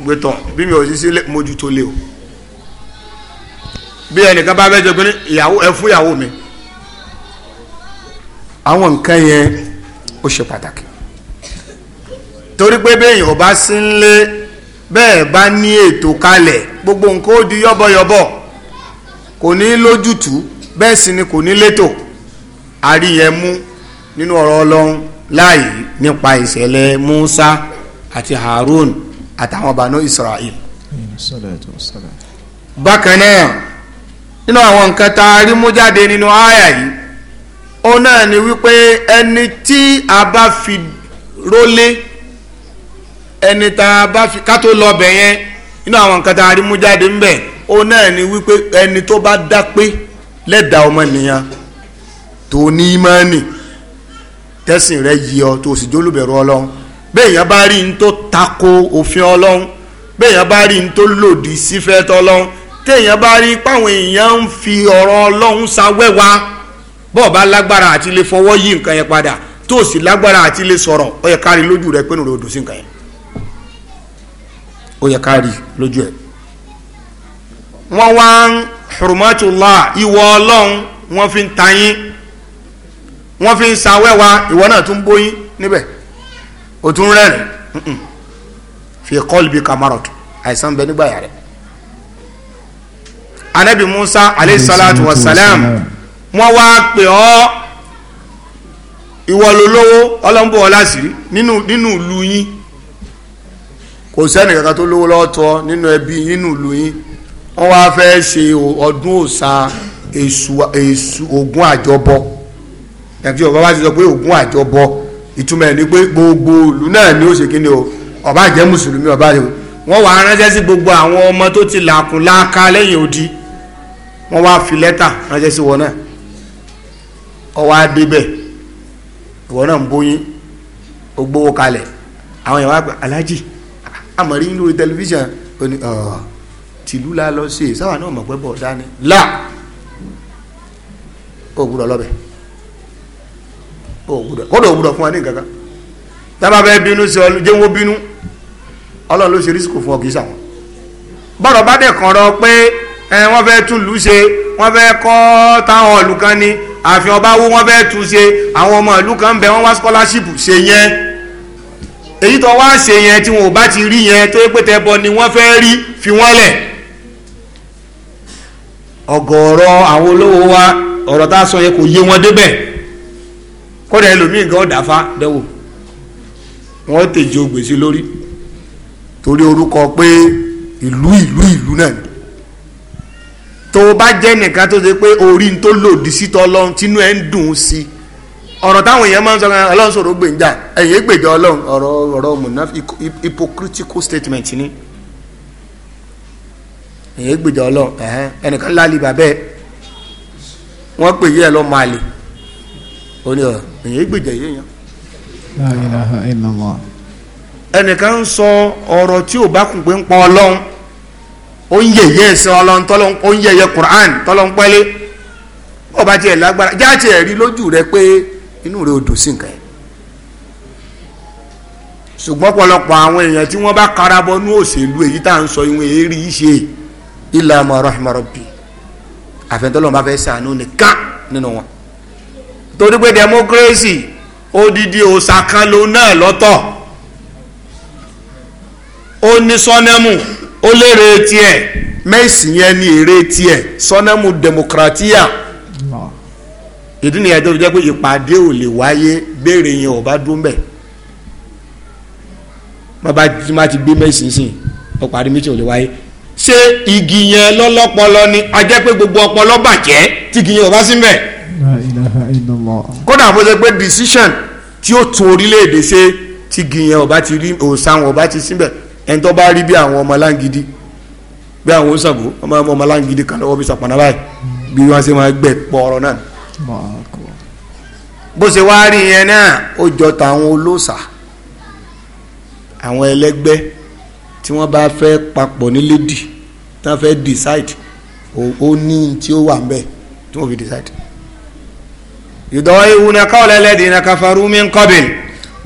gbẹ̀tàn bí mi ò sí sílé mójútó lé o bí ẹnìkan bá bẹ́jọ pé ìyàwó ẹ fún ìyàwó mi àwọn nǹkan yẹn ó ṣe pàtàkì torí pé bẹ́yìn ò bá sí ń lé bẹ́ẹ̀ bá ní ètò kalẹ̀ gbogbo nǹkan ó di yọ́bọ̀yọ́bọ̀ kò ní lójútùú bẹ́ẹ̀ sì ni kò ní létò àríyẹmú nínú ọ̀rọ̀ ọlọ́run láàyè nípa ìṣẹ̀lẹ̀ Musa àti Harun àtàwọn bànú Israel. bákan náà nínú àwọn nǹkan tá a rí mú jáde nínú àyà yìí ó náà ni wípé ẹni tí a bá fi rólé ẹni tá a bá fi ká tó lọ bẹ̀ yẹn inú àwọn nǹkan tá a rí mú jáde ń ó náà ni wípé ẹni tó bá dá pé lẹ́dàá ọmọnìyàn tó ní ìmánì tẹ́sìn rẹ yí ọ tó sì jólùbẹ̀rù ọlọ́run béèyàn bá rí n tó tako òfin ọlọ́run béèyàn bá rí n tó lòdì sífẹ́ tọ́lọ́run téèyàn bá rí páwọn èèyàn ń fi ọ̀rọ̀ ọlọ́run ṣawẹ́wà bọ́ọ̀ bá lágbára àti lè fọwọ́ yí nǹkan yẹn padà tó sì lágbára àti lè sọ̀rọ̀ ó yẹ kárí lójú rẹ pé nùrọ̀ odò sí nǹkan yẹn ó yẹ ká rí lójú ẹ̀ wọ́n wá ń hurmatullah ìwọ ọlọ́run wọ́n fi ń ta yín wọ́n fi ń sawẹ́wà ìwọ náà tún bóyín níbẹ̀ ó tún rẹ́rìn fi qalbi kamarot àìsàn bẹ nígbà yàrá anabi musa alayhi salatu wa salam wọn wá pè ọ ìwọ lólówó ọlọ́nbọ̀ ọlásìrí nínú nínú ìlú yín kò sẹ́ni kankan tó lówó lọ́tọ̀ nínú ẹbí nínú ìlú yín wọ́n wá fẹ́ ṣe ọdún òòṣà èṣù ògún àjọbọ ẹ̀fí ọ̀gá bá ti sọ pé ògún àjọbọ ìtumọ̀ ẹ̀ ni pé gbogbo ìlú náà ni ó ṣe kí ni o ọba jẹ́ mùsùlùmí ọba jẹ́ wọ́n wá ránṣẹ́ sí gbogbo àwọn ọmọ tó ti làkùn láàka lẹ́yìn odi wọ́n wá fi lẹ́tà ránṣẹ́ sí wọn náà ọwọ́ adébẹ̀ ìwọ náà ń bóyin ó gbowó kalẹ̀ àwọn yẹn alájì àmọ̀rí lórí tẹlifíṣàn ó ní tìlú la lọ sí sáwà náà mọ̀ pé bọ̀ dání là ó gbúdọ̀ lọ́bẹ̀ ó gbúdọ̀ kódà ó gbúdọ̀ fún wa ní nǹkan kan tábà bẹ́ẹ̀ bínú sí ọ jẹ́ wọ́n bínú ọlọ́run ló ṣe rísíkò fún ọ kì í sàwọn bọ́dọ̀ bá dẹ̀ kàn rọ pé wọ́n fẹ́ tún lù ú ṣe wọ́n fẹ́ kọ́ táwọn ìlú kan ní àfihàn ọba wo wọ́n fẹ́ tún ṣe àwọn ọmọ ìlú kan ń bẹ wọ́n wá scholarship ṣe yẹn èyí tó wá ṣe yẹn tí wọn ò bá ti rí yẹn tó yẹ pé tẹbọ ni wọ́n fẹ́ rí fi wọ́n lẹ̀ ọ̀gọ̀ọ̀rọ̀ àwọn olówó wa ọ̀rọ̀ tá a sọ yẹn kò yé wọn débẹ̀ kódà ẹlòmíì gan dàfa dẹ́wò wọ́n tèjì ogbèsè lórí torí orúkọ pé ìlú ìlú ìlú náà ni tó o bá jẹ́ nìkan tó ṣe pé orí tó lòdì sí tọ́lọ́ tínú ẹ̀ ń dùn sí i ọ̀rọ̀ táwọn èèyàn máa ń sọ kan ọlọ́run sọ̀rọ̀ gbèǹjà ẹ̀yìn gbèjọ ọlọ́run ọ̀rọ̀ ọ̀rọ̀ mùnà hypocritical statement ni ẹ̀yìn gbèjọ ọlọ́run ẹnìkan lálẹ́ bàbẹ́ wọ́n pè yí ẹ lọ máa lè ó ní ọ̀rọ̀ ẹ̀yìn gbèjọ yéèyàn. ẹnìkan ń sọ ọ̀rọ̀ tí ò bá pé ń ọlọ́run ó ń ẹ̀sìn ọlọ́run tọ́lọ́ ó ń inú rẹ̀ ò dùn sí nǹkan yẹn ṣùgbọ́n ọ̀pọ̀lọpọ̀ àwọn èèyàn tí wọ́n bá karabọ́ ní òṣèlú èyí tá à ń sọ ìwọ̀n èrí ṣe ilà mọ̀rọ̀mọ̀rọ̀bì àfẹ́ntọ́lọ́mọ́ bá fẹ́ sànú nìkan nínú wọn torí pé democracy odidi òòṣà kan náà lọ́tọ̀ ó ní sọ́nẹ́mù ó lérè tiẹ̀ mẹ́sì yẹn ní èrè tiẹ̀ sọ́nẹ́mù democratia ìdí nìyẹn tó fi jẹ́ pé ìpàdé ò lè wáyé béèrè yẹn ò bá dún bẹ́ẹ̀ bàbá tí má ti gbé mẹ́sìn sìn ọ̀pọ̀ àdìmítì ò lè wáyé ṣé igi yẹn lọ́lọ́pọlọ ni a jẹ́ pé gbogbo ọpọlọ bàjẹ́ tí igi yẹn ò bá sí mbẹ̀. kódà àfọwọ́sẹ̀ pé decision tí ó tún orílẹ̀-èdè ṣe tí igi yẹn ò bá ti rí òòsàn ò bá ti síbẹ̀ ẹni tó bá rí bí àwọn ọmọ láǹgídí bí àwọn oṣàbò ọmọ ọmọ láǹgídí kan lọ́wọ́ bí sàpànà báyìí bí wọ́n ṣe máa gbẹ̀ pọ̀ ọ̀rọ̀ náà bó ṣe wá rí yẹn náà ó jọ tàwọn olóòṣà àwọn ẹlẹgbẹ́ tí wọ́n bá fẹ́ papọ̀ ní lédi tí wọ́n fẹ́ decide ó ní tí ó wà mbẹ tí wọ́n fi decide. yudawihuna qawla alladhina kafaru min qabl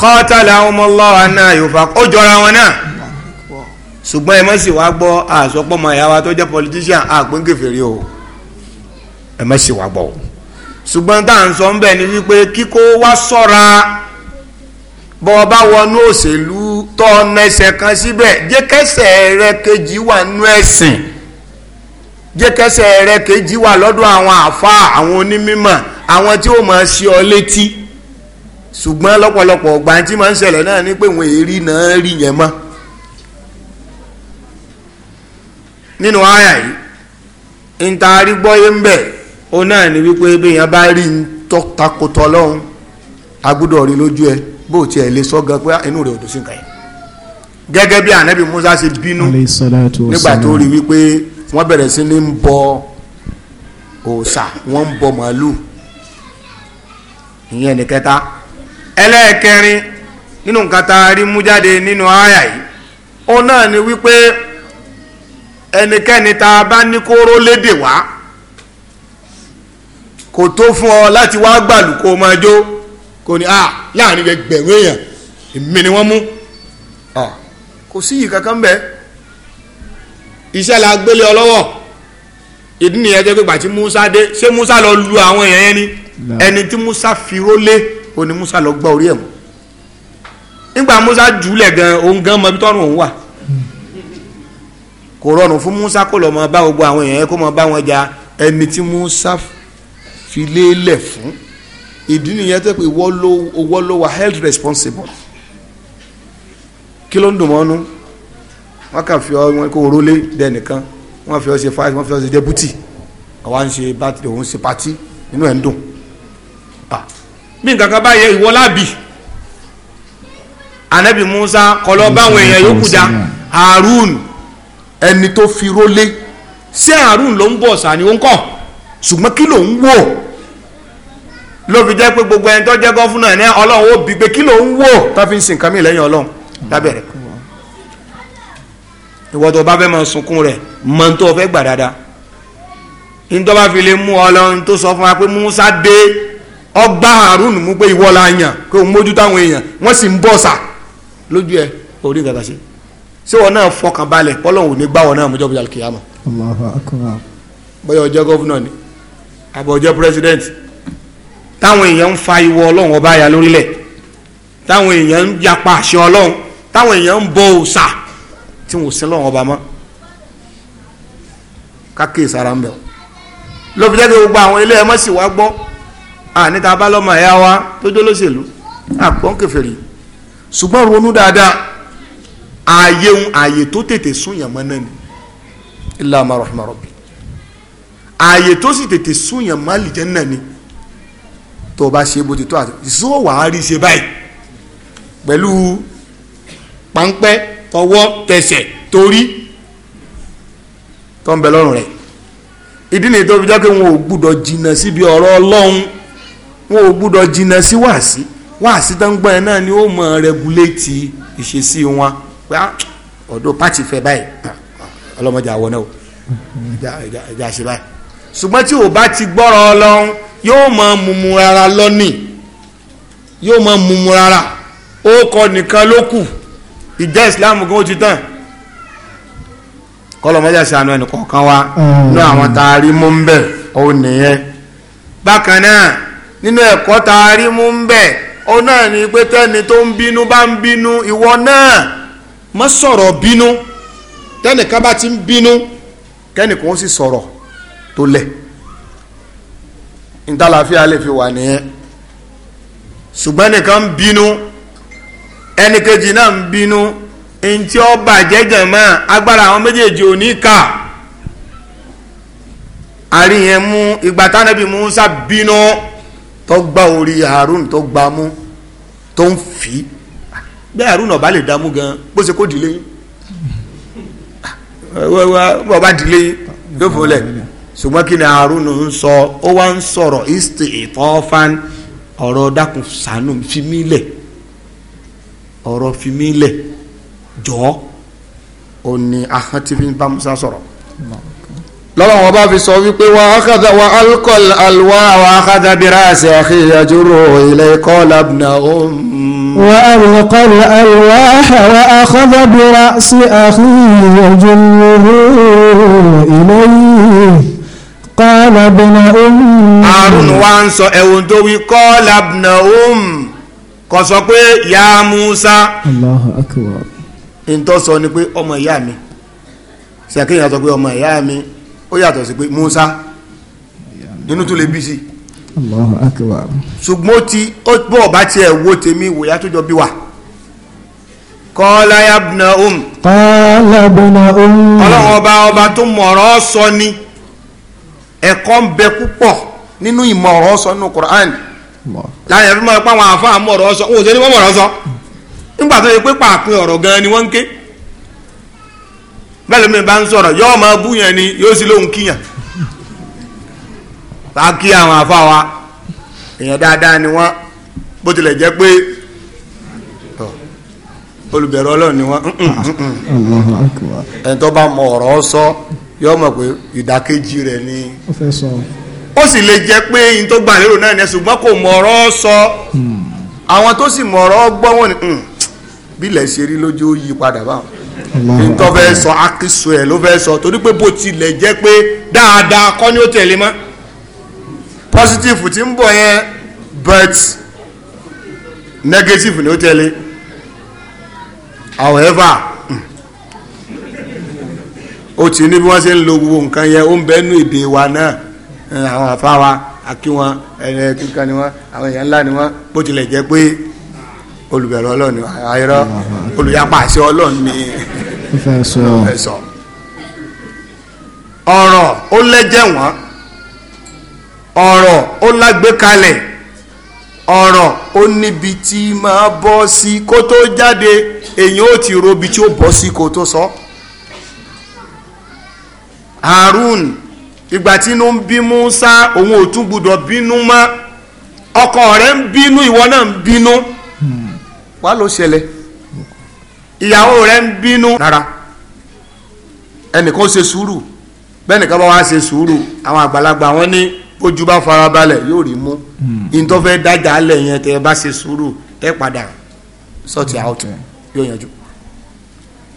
qatalahum Allah anna yufaq ó jọra wọn náà ṣùgbọ́n ẹ má sì wá gbọ́ àsọpọ̀ mọ̀ ẹ̀yà wa tó jẹ́ politician àpéǹkèfèrè o ẹ má wá gbọ́ o ṣùgbọ́n tá à ń sọ ń bẹ̀ ni wípé kíkó wá sọ́ra bọ́ ọ bá wọnú òṣèlú tọ́ ọ̀nà ẹsẹ̀ kan síbẹ̀ jẹ́ kẹsẹ̀ rẹ kejì wà nú ẹ̀sìn jẹ́ kẹsẹ̀ rẹ kejì wà lọ́dọ̀ àwọn àáfàá àwọn onímímọ̀ àwọn tí ó máa ṣe ọ létí ṣùgbọ́n lọ́pọ̀lọpọ̀ ọgbà tí máa ń ṣẹlẹ̀ náà ni pé wọn èrí náà rí yẹn mọ́ nínú àyà yìí ń taari gbọ́yé ń bẹ̀ẹ́ ó náà ni wípé bíyàn bá rí ń tọ́ takotọ́ lọ́hún agbọ́dọ̀ rí lójú ẹ bó tiẹ̀ lè sọ gan pé ah, inú rẹ̀ ò sí nǹkan yẹn gẹ́gẹ́ bí anabi musa ṣe bínú nígbà tó rí wípé wọ́n bẹ̀rẹ̀ sí ní ń bọ òòṣà wọ́n ń bọ màálù ìyẹn ní kẹta ẹlẹ́ẹ̀kẹrin nínú nǹkan tá a rí mú jáde nínú àyà yìí ó náà ni wípé ẹnikẹ́ni tá a bá ní kóró lédè wá kò tó fún ọ láti wá gbàlù kó o máa jó kò ní ah láàrin gbẹgbẹ̀rún èèyàn èmi ni wọ́n mú kò sí yìí kankan bẹ́ẹ̀ iṣẹ́ la gbélé ọ lọ́wọ́ ìdí nìyẹn jẹ́ pé gbà Musa dé ṣé Musa lọ lu àwọn èèyàn yẹn ni ẹni tí Musa fi rólé ó ní Musa lọ gbá orí ẹ̀ mú nígbà Musa jùlẹ̀ gan òun gan mọ ibi tọ́run òun wà kò rọrùn fún Musa kó lọ mọ bá gbogbo àwọn èèyàn kó mọ bá wọn jà ẹni tí Musa fi fi lélẹ̀ fún ìdí nìyẹn tẹ́ pé ìwọ ló wà held responsible kí ló ń dùn mọ́nú wọ́n kàn fi ọ wọn kó orólé dẹ́nìkan wọ́n fi ọ ṣe fáyé wọ́n fi ọ ṣe dẹ́bùtì àwa ń ṣe bátìrì òun ṣe pati inú ẹ̀ ń dùn bí nǹkan kan bá yẹ ìwọ lábì anabi musa kọlọ báwọn èèyàn yòókù dá harun ẹni tó fi rólé ṣé harun ló ń bọ̀ sani ó ń kọ́ ṣùgbọ́n kí ló ń wò ló fi jẹ́ pé gbogbo ẹni tó jẹ́ gọ́fúnà ní ọlọ́run ó bi pé kí ló ń wò tó fi ń sin nǹkan mi lẹ́yìn ọlọ́run lábẹ́rẹ́ ìwọ tó bá fẹ́ máa sunkún rẹ̀ mọ tó fẹ́ gbà dáadáa nítorí bá fi lè mú ọlọ́run tó sọ fún wa pé Musa dé ọgbà Harun mú pé ìwọ la yàn pé òun mójútó àwọn èèyàn wọ́n sì ń bọ̀ sà lójú ẹ orí nǹkan kan sí ṣé wọn náà fọkàn balẹ̀ pọ́lọ́hùn ò ní gbá wọn náà mọ́jọ́ bóyá kìí bóyá ọjọ́ gọ́fúnà ni àbọ̀jọ́ president táwọn èèyàn ń fa ìwọ ọlọ́run ọba ya lórílẹ̀ táwọn èèyàn ń yapa àṣẹ ọlọ́run táwọn èèyàn ń bọ òòṣà tí wọn ò sí lọ́run ọba mọ́ kákìí sára ń bẹ̀ ọ́ ló fi jẹ́ pé gbogbo àwọn ilé ẹmọ́ sì wá gbọ́ àníta abálọ́mọ ẹ̀yà wa tó jó lóṣèlú àpọ́n kẹfẹ́rì ṣùgbọ́n ronú dáadáa ààyè ààyè tó tètè sún yàn mọ́ náà ni ilé àmọ́ rahman rabbi ààyè tó sì tètè súnyàn má lè jẹ́ náà ni tó o bá ṣe bó ti tó àti ìṣó wàá rí ṣe báyìí pẹ̀lú páńpẹ́ ọwọ́ tẹsẹ̀ torí tó ń bẹ lọ́rùn rẹ̀ ìdí nìyí tó fi jẹ́ pé wọn ò gbúdọ̀ jìnnà síbi ọ̀rọ̀ ọlọ́run wọn ò gbúdọ̀ jìnnà sí wàásí wàásí tó ń gbọ́n yẹn náà ni ó mọ̀ rẹ́gúléètì ìṣesí wọn pé ah, ọ̀dọ̀ pàtì fẹ́ báyìí ah, ọlọ́mọdé àwọn náà ìjà ìjà ìjà ṣe báyìí ṣùgbọ́n tí ò bá ti gbọ́rọ̀ ọlọ́run yóò máa mumu rárá lọ́nìí yóò máa mumu rárá ó kọ nìkan ló kù ìjẹ́ ìsìláàmù gan ó ti tàn kọlọmọdé àṣàánú ẹnì kọ̀ọ̀kan wa ní àwọn tá a rí mú ń bẹ̀ òun nìyẹn bákan náà nínú ẹ̀kọ́ tá a rí mú ń bẹ̀ òun náà ni pé tẹ́ni tó ń bínú bá ń bínú ìwọ náà má sọ̀rọ̀ bínú tẹ́nìkan bá ti ń bínú kẹ́nìkan ó sì sọ̀rọ̀ tó lẹ̀ ntàlàfíà lè fi wà nìyẹn ṣùgbọ́n nìkan ń bínú ẹnìkejì náà ń bínú ntí ó bàjẹ́ jẹ̀mọ́ agbára àwọn méjèèjì ò ní àríyẹn mú ìgbà tánàbí Musa bínú tó gba orí Harun tó gba mú tó ń fi bí Harun ọba lè dààmú gan bó ṣe kó dìlé yín ọba dìlé yóò fún ṣùgbọ́n kí ni Haruna ń sọ ó wá ń sọ̀rọ̀ ist ìtọ́fán ọ̀rọ̀ dákun sànù fimilẹ̀ ọ̀rọ̀ fimilẹ̀ jọ́ ó ní ahọ́n tí fi ń bá Musa sọ̀rọ̀ lọ́wọ́n wọn bá fi sọ wípé wà ákàdà wà alkọ́l alwá wà ákàdà bíráàsì àkíyà jùrò ilẹ̀ kọ́lá bìnà òun. wà alkọ́l alwá wà ákàdà bíráàsì àkíyà jùrò ilẹ̀ yìí. kọ́lá bìnà àrùn wa ń sọ ẹ̀wọ̀n tó wí kọ́lá bìnà òun kò sọ pé ya Musa. aláhùn sọ ni pé ọmọ ìyá mi sẹ́kìnyà sọ pé ọmọ ìyá mi ó yàtọ̀ sí pé Musa nínú tó lè bí sí. ṣùgbọ́n ó ti tiẹ̀ wo tèmi tó jọ bí wa kọ́lá um. um. kọ́lá ọba ọba tó sọ ni. ẹ̀kọ́ ń bẹ púpọ̀ nínú ìmọ̀ ọ̀rọ̀ sọ nínú Quran láyé ọ̀rọ̀ sọ òun ò ní wọ́n mọ̀ ọ̀rọ̀ sọ nígbà tó yẹ pé pàápín ọ̀rọ̀ gan ni wọ́n ń ké bẹ́ẹ̀ lómi bá ń sọ̀rọ̀ yóò máa yẹn ni wa èèyàn dáadáa ni wọ́n bó tilẹ̀ jẹ́ pé Ọlọ́run yọ mọ̀ pé ìdàkejì rẹ̀ ni ó sì lè jẹ́ pé n tó gbà lérò náà ni ṣùgbọ́n kò mọ̀ọ́rọ́ sọ hmm. àwọn tó sì mọ̀ọ́rọ́ gbọ́ wọn ni hmm, bílẹ̀ ṣe rí lójú ó yí padà báwọn n tó fẹ́ sọ akiso ẹ̀ ló fẹ́ sọ torí pé bó tilẹ̀ jẹ́ pé dáadáa kọ́ ni ó tẹ̀lé mọ́ positive ti ń bọ̀ yẹn but negative ni ó tẹ̀lé however. ó ti ní ṣe ń lo gbogbo nǹkan yẹn ó ń bẹ nú wa náà àwọn àfa wa akí wọn kíkan ni wọn àwọn èèyàn ni wọn bó tilẹ̀ jẹ́ pé olùbẹ̀rẹ̀ ọlọ́run ni ayọ́rọ́ olùyapa àṣẹ ọlọ́run ni ẹ̀sọ́ ọ̀rọ̀ ó lẹ́jẹ̀ wọ́n ọ̀rọ̀ ó lágbékalẹ̀ ọ̀rọ̀ ó níbi tí máa bọ́ sí kó tó jáde ó ti robi tí ó bọ́ sí kó tó sọ. So harun ìgbà tí inú ń bí musa òun ò tún gbúdọ̀ bínú mọ́ ọkọ rẹ̀ ń bínú ìwọ náà ń bínú wá ló ṣẹlẹ̀ ìyàwó rẹ̀ ń bínú rárá ẹnìkan ṣe sùúrù bẹ́ẹ̀ nìkan bá wá ṣe sùúrù àwọn àgbàlagbà wọn ní bójú bá fara balẹ̀ yóò rí mú ìtọ́fẹ́ dájà alẹ̀ yẹn tẹ́ ẹ bá ṣe sùúrù tẹ́ padà sọ́ọ̀tì out yóò yanjú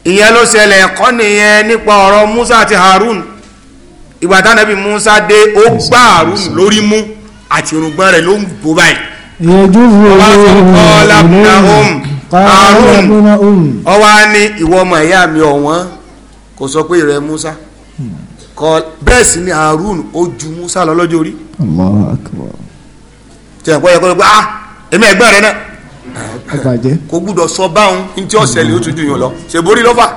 ìyẹn ló ṣẹlẹ̀ ẹ̀kọ́ nìyẹn nípa ọ̀rọ̀ musa àti harun ìgbà tánábì Musa dé ó gbàrú lórí mú àti òrùngbọ́n rẹ̀ ló ń bò báyìí. ìyẹ́jú wo ló ń bò báyìí Harun ọwọ́ á ní ìwọ ọmọ ìyá mi ọ̀wọ́n kò sọ pé ìrẹ Musa hmm. bẹ́ẹ̀ sì ni Harun ó Musa lọ lọ́jọ́ orí. tí a kọ́ yẹ kó ló gbé ah èmi ẹ̀gbọ́n rẹ náà kò gbúdọ̀ sọ báwọn ntí ọ̀sẹ̀ lè ó tún jù yàn lọ ṣèborí lọ́fà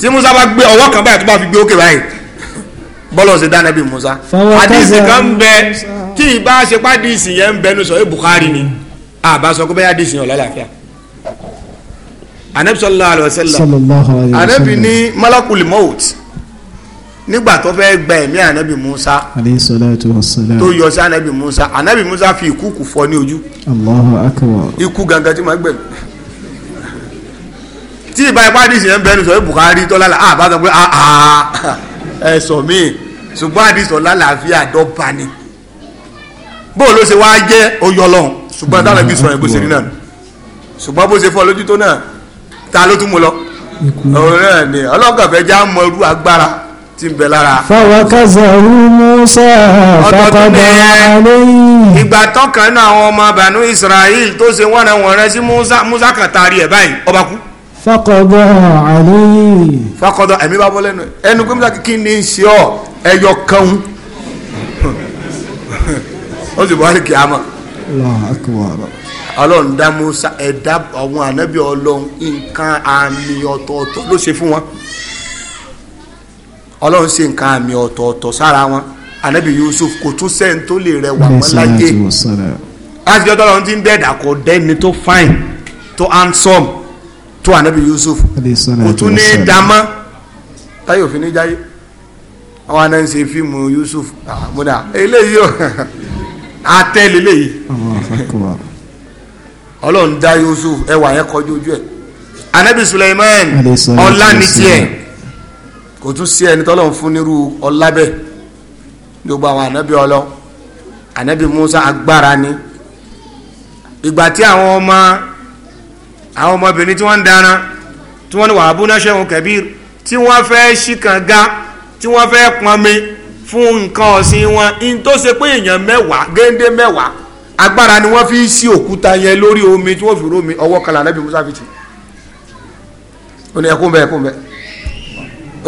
tí Musa bá gbé ọwọ́ kan báyìí tó bá fi gbé òkè bọ́lọ̀ ṣe dáná bíi musa àdìsí kan ń bẹ tí ìbá ṣe pàdìsí yẹn ń bẹnu sọ Bukhari ni àbá sọ pé bẹ́ẹ̀ àdìsí yẹn ò lálàáfíà anabi sallallahu alayhi wa sallam anabi ni malakul maut nígbà tó fẹ́ gba ẹ̀mí anabi musa alayhi salatu wa salam tó yọ sí anabi musa anabi musa fi ikú kù fọ ní ojú Allahu akbar ikú gangan tí ma gbẹ̀mí tí ìbá ipá àdìsí yẹn ń bẹnu sọ Bukhari tọ́lá la àbá sọ pé àà. Ah, ah ẹ̀sọ̀ míì ṣùgbọ́n àdìsọ̀ lálàáfíà dọ́ba ni bó ló ṣe wáá jẹ́ oyọ lọ́hùn ṣùgbọ́n dáná bí sọ̀rọ̀ ìbòsírí náà ṣùgbọ́n bó ṣe fọ́ lójútó náà ta ló tún mu lọ òun náà ni ọlọ́kàn fẹ́ já mọ irú agbára tí ń bẹ lára. fáwọn kazaru musa fàkàdà lẹ́yìn. ìgbà tọkàn náà àwọn ọmọ bànú israel tó ṣe wọ́nrẹ́wọ̀nrẹ́ sí musa musa kan taari ẹ̀ báyìí ọba kú. faqada alayhi. faqada ẹ̀mí bá bọ́ ẹnu gómìnà kí ni ṣe ọ ẹyọ kan (laughs) ó sì bọ́ ní kí a mọ̀. ọlọ́run dá musa ẹ̀dá àwọn ànábì ọlọ́run nǹkan ló fún wọn ọlọ́run yusuf kò tún lè láti ń tó anabi yusuf o tún ní dama táyọ̀ fi ní jáyé àwọn anáà ń ṣe fíìmù yusuf àmúdà eléyìí ò (laughs) àtẹ́lẹ̀ eléyìí ọlọ́run dá yusuf ẹwà yẹn kọjú ojú ẹ̀ anabi suleiman ọlá ní tiẹ̀ kò tún sí ẹni tọ́lọ́run fún nírú ọlá bẹ́ẹ̀ gbogbo àwọn anabi ọlọ anabi musa agbára ni ìgbà tí àwọn ọmọ àwọn ọmọbìnrin tí wọ́n ń dáná tí wọ́n ní wàá bú náṣẹ́ òun kẹ́bíir tí wọ́n fẹ́ ṣìkànga tí wọ́n fẹ́ pọnmi fún nǹkan ọ̀sìn wọn in tó ṣe pé èèyàn mẹ́wàá géńdé mẹ́wàá agbára ni wọ́n fi ń sí òkúta yẹn lórí omi tí wọ́n fi rómi ọwọ́ kan lànà bí musa fi ti ó ní ẹkún bẹ ẹkún bẹ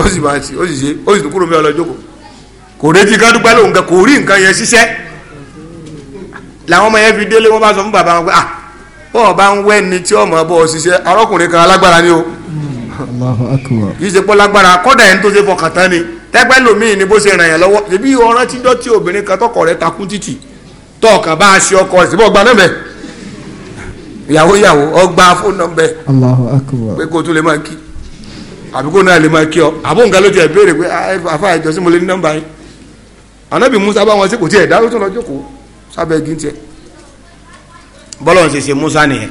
ó sì máa ti ó sì ṣe ó sì kúrò mẹ́ ọlọ́jọ́kọ̀ kò retí ká lóhùn kan kò rí nǹkan yẹn ṣiṣẹ́ làwọn ọmọ yẹn fi délé wọ́n bá sọ fún bàbá wọn pé ah bọ́ọ̀ bá ń wẹ́ ni tí ọmọ bọ́ ṣiṣẹ́ arọ́kùnrin kan alágbára ni o kì í ṣe pọ́ lágbára kọ́dà ẹni tó ṣe fọkàn tán ni tẹ́gbẹ́ lòmíì ni bó ṣe ràn yàn tí obìnrin kan tọkọ rẹ̀ títì bá a ṣe ọkọ síbọ̀ gba nọ́mbẹ̀ ìyàwó ìyàwó ọgbà pé kó tún lè máa kí àbí kó ọ àbó nǹkan ló béèrè pé àfa ìjọsìn mo lè ní Musa kò tiẹ̀ dá bọ́lọ̀ ń ṣe Musa nìyẹn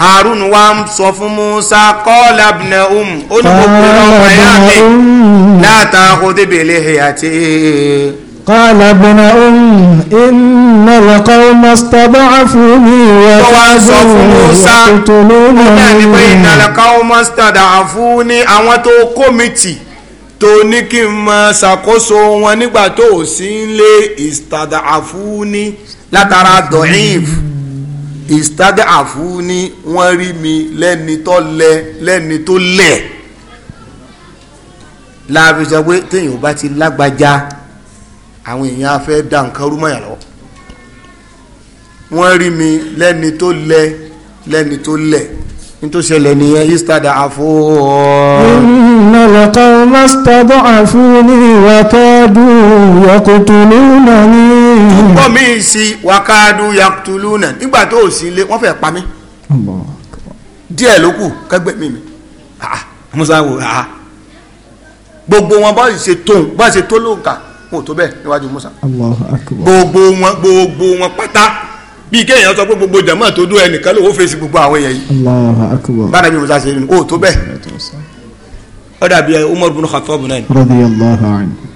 Harun wa ń sọ fún Musa kọ́ọ̀lá bìnà um ó ní um. kò um, pé ọmọ ẹ̀yà mi láta kódébèlé àti. قال ابن أم إن القوم استضعفوني وقتلوني إن القوم استضعفوني àwọn tó kó mi tì tó ní kí n máa ṣàkóso wọn nígbà tó sì ń lé istadafuni látara dọ̀hìn ìstágà àfú ní wọ́n rí mi lẹ́ni tó lẹ lẹ́ni tó lẹ̀ láàfin sọ pé téèyàn bá ti lágbájá àwọn èèyàn á fẹ́ da nǹkan rú mọ́yàn lọ́wọ́ wọ́n rí mi lẹ́ni tó lẹ lẹ́ni tó lẹ̀ nítorí ṣẹlẹ̀ nìyẹn istada àfó ọ́. iná lọ́kọ́ mọ́sítọ́dọ̀ àfó ní wàkádù yakutulu náà ní. nígbà tó sì lé wọ́n fẹ́ pa mí. díẹ̀ ló kù kẹ́gbẹ́ mi mi ah, musa wo ah. gbogbo wọn bá ṣe tó bá ṣe tó lóǹkà wọn ò tó bẹ́ẹ̀ níwájú musa. gbogbo wọn gbogbo wọn pátá bí kéèyàn sọ pé gbogbo jama tó dún ẹnìkan ló fèsì gbogbo àwọn èèyàn yìí bára mi musa ṣe ní o tó bẹ́ẹ̀ ó dàbí umar bin khattab náà ni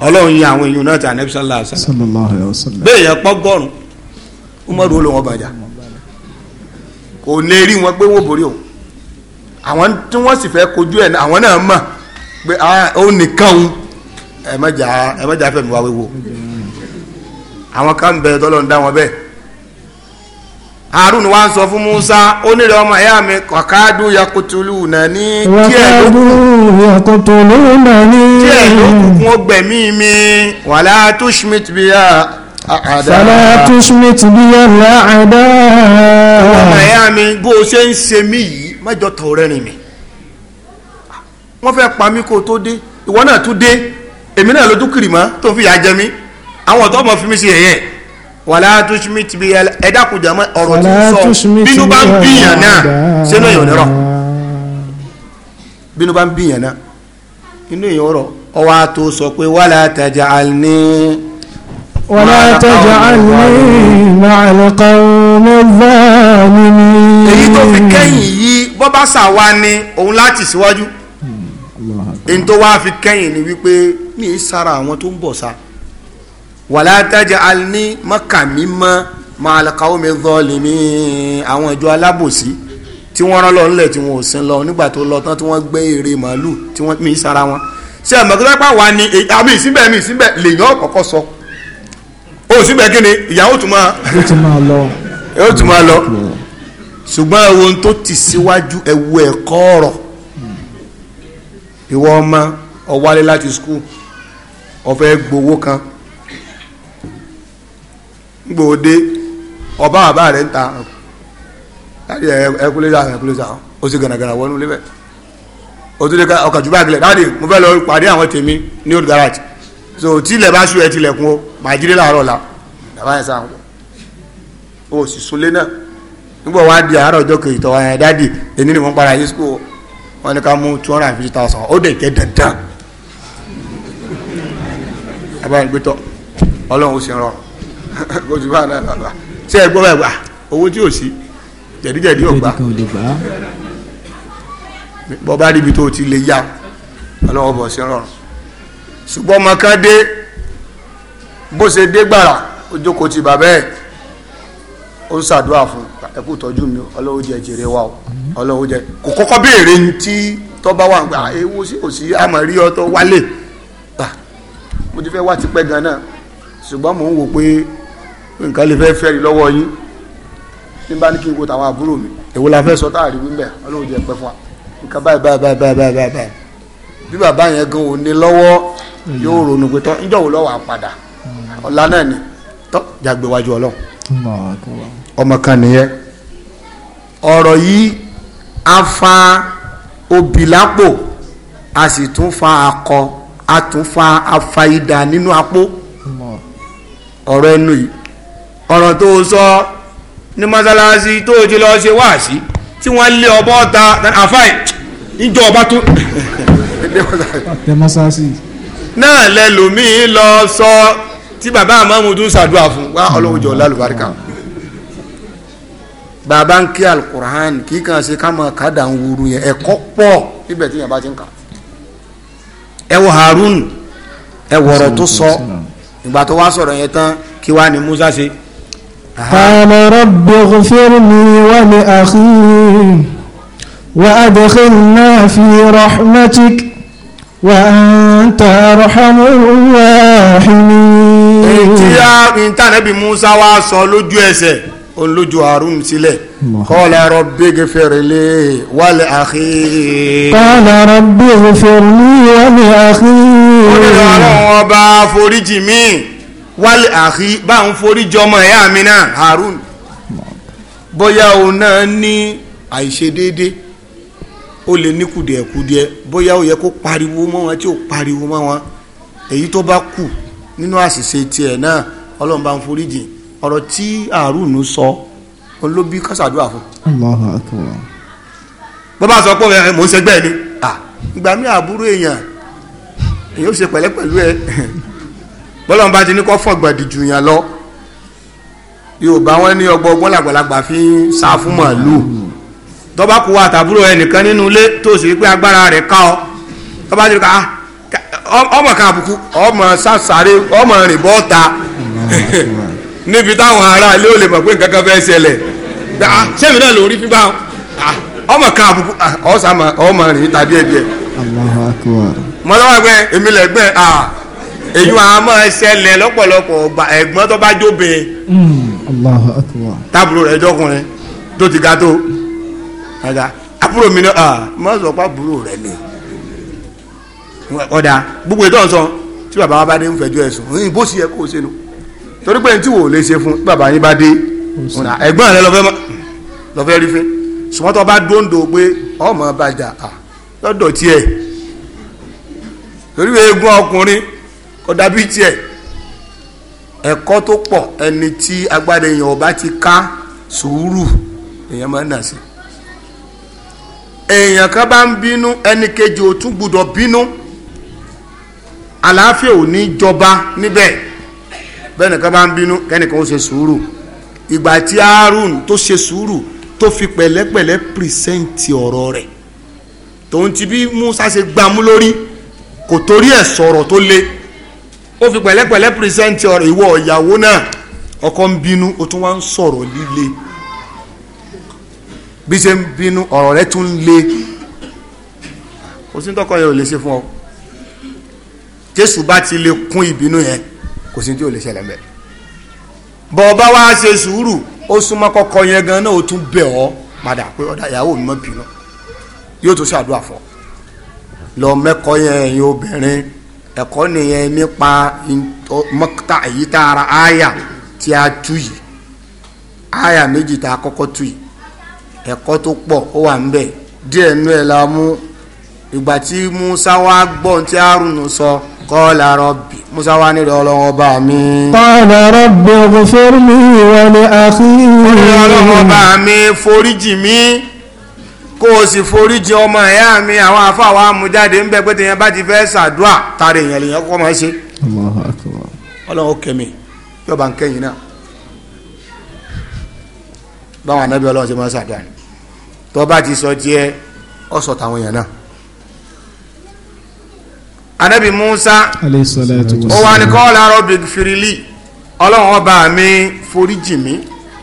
ọlọ́run yin àwọn èèyàn náà ti anabi sallallahu alayhi wa sallam bẹ́ẹ̀ yẹn umar wo ló wọn bàjá kò lè rí wọn pé wọ́n borí o àwọn tí wọ́n sì fẹ́ kojú ẹ̀ àwọn náà mọ̀ pé ah, ó nìkan òun ẹ̀ mẹ́jà ẹ̀ mẹ́jà fẹ́mi wá wéwo àwọn kan bẹ̀ tọ́lọ́ ń dá wọn bẹ́ẹ̀ harun wa ń sọ fún musa ó nílẹ̀ ọmọ ẹ̀yà mi kọ̀kádù yakutulu nà ní díẹ̀ lókùnkùn ó gbẹ̀mí mi wàlá tushmit biya àdá wàlá tushmit biya àdá ọmọ ẹ̀yà mi bó o ṣe ń ṣe mí yìí mẹ́jọ tọ̀ rẹ̀ rìn mi wọ́n fẹ́ pa mí kó tó dé ìwọ náà tún dé èmi náà lójú kìrìmọ́ tó fi yà jẹ mí àwọn ọ̀tọ́ ọmọ fi mí ṣe ẹ̀yẹ wàlá tushmit bi ẹ̀dá kùjà mọ́ ọ̀rọ̀ tí ń sọ bínú bá ń bìyàn náà sínú èèyàn nírọ̀ bínú bá ń bìyàn náà inú èèyàn rọ̀ ọwọ́ àtò sọ pé wàlá taj'alni. wàlá taj'alni ma'al qawmi zalimin. èyí tó fi kẹ́yìn yìí bọ́ bá ni òun láti síwájú hmm, èyí tó wá fi kẹ́yìn ni wípé mi ì sára àwọn tó ń bọ̀ sa wàlá taj'alni mọ́kàmí mọ́ màálùkáwó mi zọ́ọ̀lì mi àwọn ìjọ alábòsí tí wọ́n rán lọ nílẹ̀ tí wọ́n ò sin lọ nígbà tó lọ tán tí wọ́n gbé ère màálù tí wọ́n mi sara wọn ṣé ẹ̀ mọ̀tò lápá wa ni àmì ìsínbẹ̀ mi ìsínbẹ̀ lèyàn kọ́kọ́ sọ ó síbẹ̀ kí ni ìyàwó tún máa ó tún máa lọ ṣùgbọ́n ohun tó ti síwájú ẹ̀wù ẹ̀kọ́ ọ̀rọ̀ ìwọ ọmọ ó láti skul ó gbowó kan gbòde ọba àbá rẹ̀ ń ta láti ẹkúlé sáà ẹkúlé sáà ó sì gànàgànà wọnú lébẹ̀ ó tún lè ka ọkà jù bá gilẹ̀ dáàdi mo fẹ́ lọ pàdé àwọn tèmi ní old garage so tílẹ̀ bá ṣú ẹ tilẹ̀kùn o màá jílé láàárọ̀ la bàbá yẹn sáà ń wọ̀ ó sì súnlé náà nígbà wá di àárọ̀ ọjọ́ kejì tọ́wọ́ yẹn dáàdi èmi ni mo ń para yìí sùkúl wọn ni ká mú two hundred and fifty thousand ó dẹ̀ jẹ́ dandan abáyọ̀ gbé tọ́ ọlọ́run ó sì rọrùn kò sí báyìí lọ́la ṣé ẹ gbọ́ báyìí gbà owó tí ò sí jẹ̀díjẹ̀dí ò gbà bọ́ bá ríbi tó ti lè yá ọlọ́wọ́ bọ̀ sí rọrùn ṣùgbọ́n ọmọ kan dé bó ṣe dé gbàrà ó jókòó ti bàbá ẹ̀ ó ń ṣàdúrà fún ẹ kú tọ́jú mi ọlọ́wọ́ jẹ jèrè wa o ọlọ́wọ́ jẹ kò kọ́kọ́ béèrè ní tí tọ́ba wà ń gbà ewu sí òsì àmọ́ rí ọtọ́ wálé mo ti fẹ́ wá tipẹ́ gan náà ṣùgbọ́n mò ń wò pé nǹkan lè fẹ́ fẹ́rí lọ́wọ́ yín ní bá ní kí n wo tàwọn àbúrò mi èwo la fẹ́ sọ tá a rí wíńbẹ̀ ọlọ́run jẹ́ pẹ́ fún wa nǹkan báyìí báyìí báyìí báyìí báyìí báyìí bí bàbá yẹn gan ò ní lọ́wọ́ yóò ronú pé tọ́ níjọ́ wo lọ́wọ́ àpàdà ọ̀la náà ni tọ́ jàgbé wájú ọlọ́run ọmọ kan nìyẹn ọ̀rọ̀ yìí afa obì lápò a sì tún fa akọ a tún fa afa idà nínú apó ọ̀rọ̀ ẹnu yìí ọ̀rọ̀ tó sọ ní mọ́sálásí tó ti lọ ṣe wáàsí tí wọ́n lé ọbọ̀ ta àfáì ìjọ ọba tó náà lẹ́lòmíì lọ sọ tí bàbá àmọ́mù tún ṣàdúrà fún wa ọlọ́run jọ lálùbáríkà bàbá ń kí alukur'an kì í kàn ṣe ká máa kádà ń wuru yẹn ẹ̀kọ́ pọ̀ níbẹ̀ tí yẹn bá ti ń kà ẹ wọ Harun ẹ wọ̀rọ̀ tó sọ ìgbà tó wá sọ̀rọ̀ yẹn tán kí wá ní Musa ṣe. قال رب اغفر لي ولأخي وأدخلنا في رحمتك وأنت أرحم الراحمين. èyí tí ìtànẹ́bí Musa wá sọ lójú ẹsẹ̀ olójú Harun sílẹ̀ kọ́lá rọ̀bí gẹ̀fẹ̀rẹ̀lẹ̀ wàlẹ̀ àkí. kọ́lá rọ̀bí gẹ̀fẹ̀rẹ̀lẹ̀ wàlẹ̀ àkí. ó ní ọlọ́run ọba foríjì míì wálé àhí bá ń forí jọmọ ẹ̀yà mi náà Harun bóyá o náà ní àìṣedéédé o lè ní kùdìẹ̀kùdìẹ bóyá o yẹ kó pariwo mọ́ wọn tí ó pariwo mọ́ wọn èyí tó bá kù nínú àṣìṣe tiẹ̀ náà ọlọ́run bá ń forí jìn ọ̀rọ̀ tí Harun sọ òun ló bí kásàdúrà fún. bó bá sọ pé mò ń ṣẹgbẹ́ ni ìgbà mi àbúrò èèyàn èèyàn ó ṣe pẹ̀lẹ́ pẹ̀lú ẹ. (laughs) bọ́lọ́n bá ti ní kọ́ fọ̀gbọ̀dì ya yàn lọ yorùbá wọn ní ọgbọgbọ́n làgbàlagbà fi ń sa fún màálùú tọ́ba kú tàbúrò ẹnìkan nínú ilé tó sì pé agbára rẹ̀ ká ọ tọ́ba ti ká ah, ọmọ kan àbùkù ọmọ sàṣàrè ọmọ rìn (laughs) níbi táwọn ará ilé ò lè mọ̀ pé nǹkan kan fẹ́ ṣẹlẹ̀ sẹ́mi ah, náà ah, ọmọ kan àbùkù ọmọ rìn tàbí gbẹ́ lẹ́gbẹ́ èyí wọn a máa ṣẹlẹ̀ lọ́pọ̀lọpọ̀ ẹ̀gbọ́n tó bá jóbe hmm, tábúrò rẹ̀ jọkùnrin tó ti ga tó àbúrò mi ni mọ sọ pé àbúrò rẹ̀ ni ọ̀dà gbogbo ètò ọ̀sán tí bàbá wa bá dé ń fẹjọ́ ẹ̀sùn òyìn bó sì yẹ kó o ṣe nu torí pé tí wò ó lè ṣe fún bàbá yín bá dé ẹ̀gbọ́n rẹ̀ lọ́fẹ́ rí fún sùmọ́tò bá dóńdó pé ọmọ bàjá lọ́dọ̀ tiẹ̀ torí eégún ọkùnrin ó dàbí tiẹ̀ ẹ̀kọ́ tó pọ̀ ẹni tí agbára èèyàn ọba ti ká sùúrù èèyàn máa ń nà sí èèyàn kan bá ń bínú ẹnì kejì ò tún gbúdọ̀ bínú àlàáfíà ò ní jọba níbẹ̀ bẹ́ẹ̀ nìkan bá ń bínú kẹ́nìkan ó ṣe sùúrù ìgbà tí Harun tó ṣe sùúrù tó fi pẹ̀lẹ́pẹ̀lẹ́ pìrìsẹ́ǹtì ọ̀rọ̀ rẹ̀ tòun ti bí Musa ṣe gbámú lórí kò torí ẹ̀ sọ̀rọ̀ tó le ó fi pẹ̀lẹ́pẹ̀lẹ́ present ọ̀rọ̀ ìwọ ìyàwó náà ọkọ ń bínú ó tún wá ń sọ̀rọ̀ líle bí ṣe ń bínú ọ̀rọ̀ rẹ tún le kò sí tọkọ yẹn ò lè ṣe fún ọ jésù bá ti lè kún ìbínú yẹn kò sí tí ò lè ṣẹlẹ̀ mẹ́ bọ̀ ọba wa ṣe sùúrù ó súnmọ́ kọkọ yẹn gan náà ó tún bẹ̀ ọ́ padà pé ọ̀dà ìyàwó mi mọ́ bínú yóò tún ṣàdúrà fún ọ lọ mẹ́kọ yẹn ẹ̀yin obìnrin ẹ̀kọ́ nìyẹn nípa mọ́kítà èyí tá ara àyà tí a tú yìí àyà méjì tá a kọ́kọ́ tú yìí ẹ̀kọ́ tó pọ̀ ó wà ńbẹ̀ díẹ̀ nú ẹ̀ la mú ìgbà tí Musa wá gbọ́ tí Haruna sọ kọ́ọ̀lá rọ́bì Musa wá nílò ọlọ́wọ́ bá mi. kọ́ọ̀lá rọ́bì ighfir li wa li ó ní ọlọ́wọ́ bá mi foríjì mi. kó o sì ọmọ ẹ̀yà mi àwọn afáwọn amújáde ń bẹ pé tèèyàn bá ti fẹ́ ṣàdúrà tààrà èèyàn lèèyàn kọ́ máa ṣe. ọlọ́run ó kẹ́mi yọba ń kẹ́yìn náà báwọn anábì ọlọ́run ṣe máa ṣàdúrà ni tó bá ti sọ èèyàn náà. anábì Musa ó wà ní firili ọlọ́run ọba mi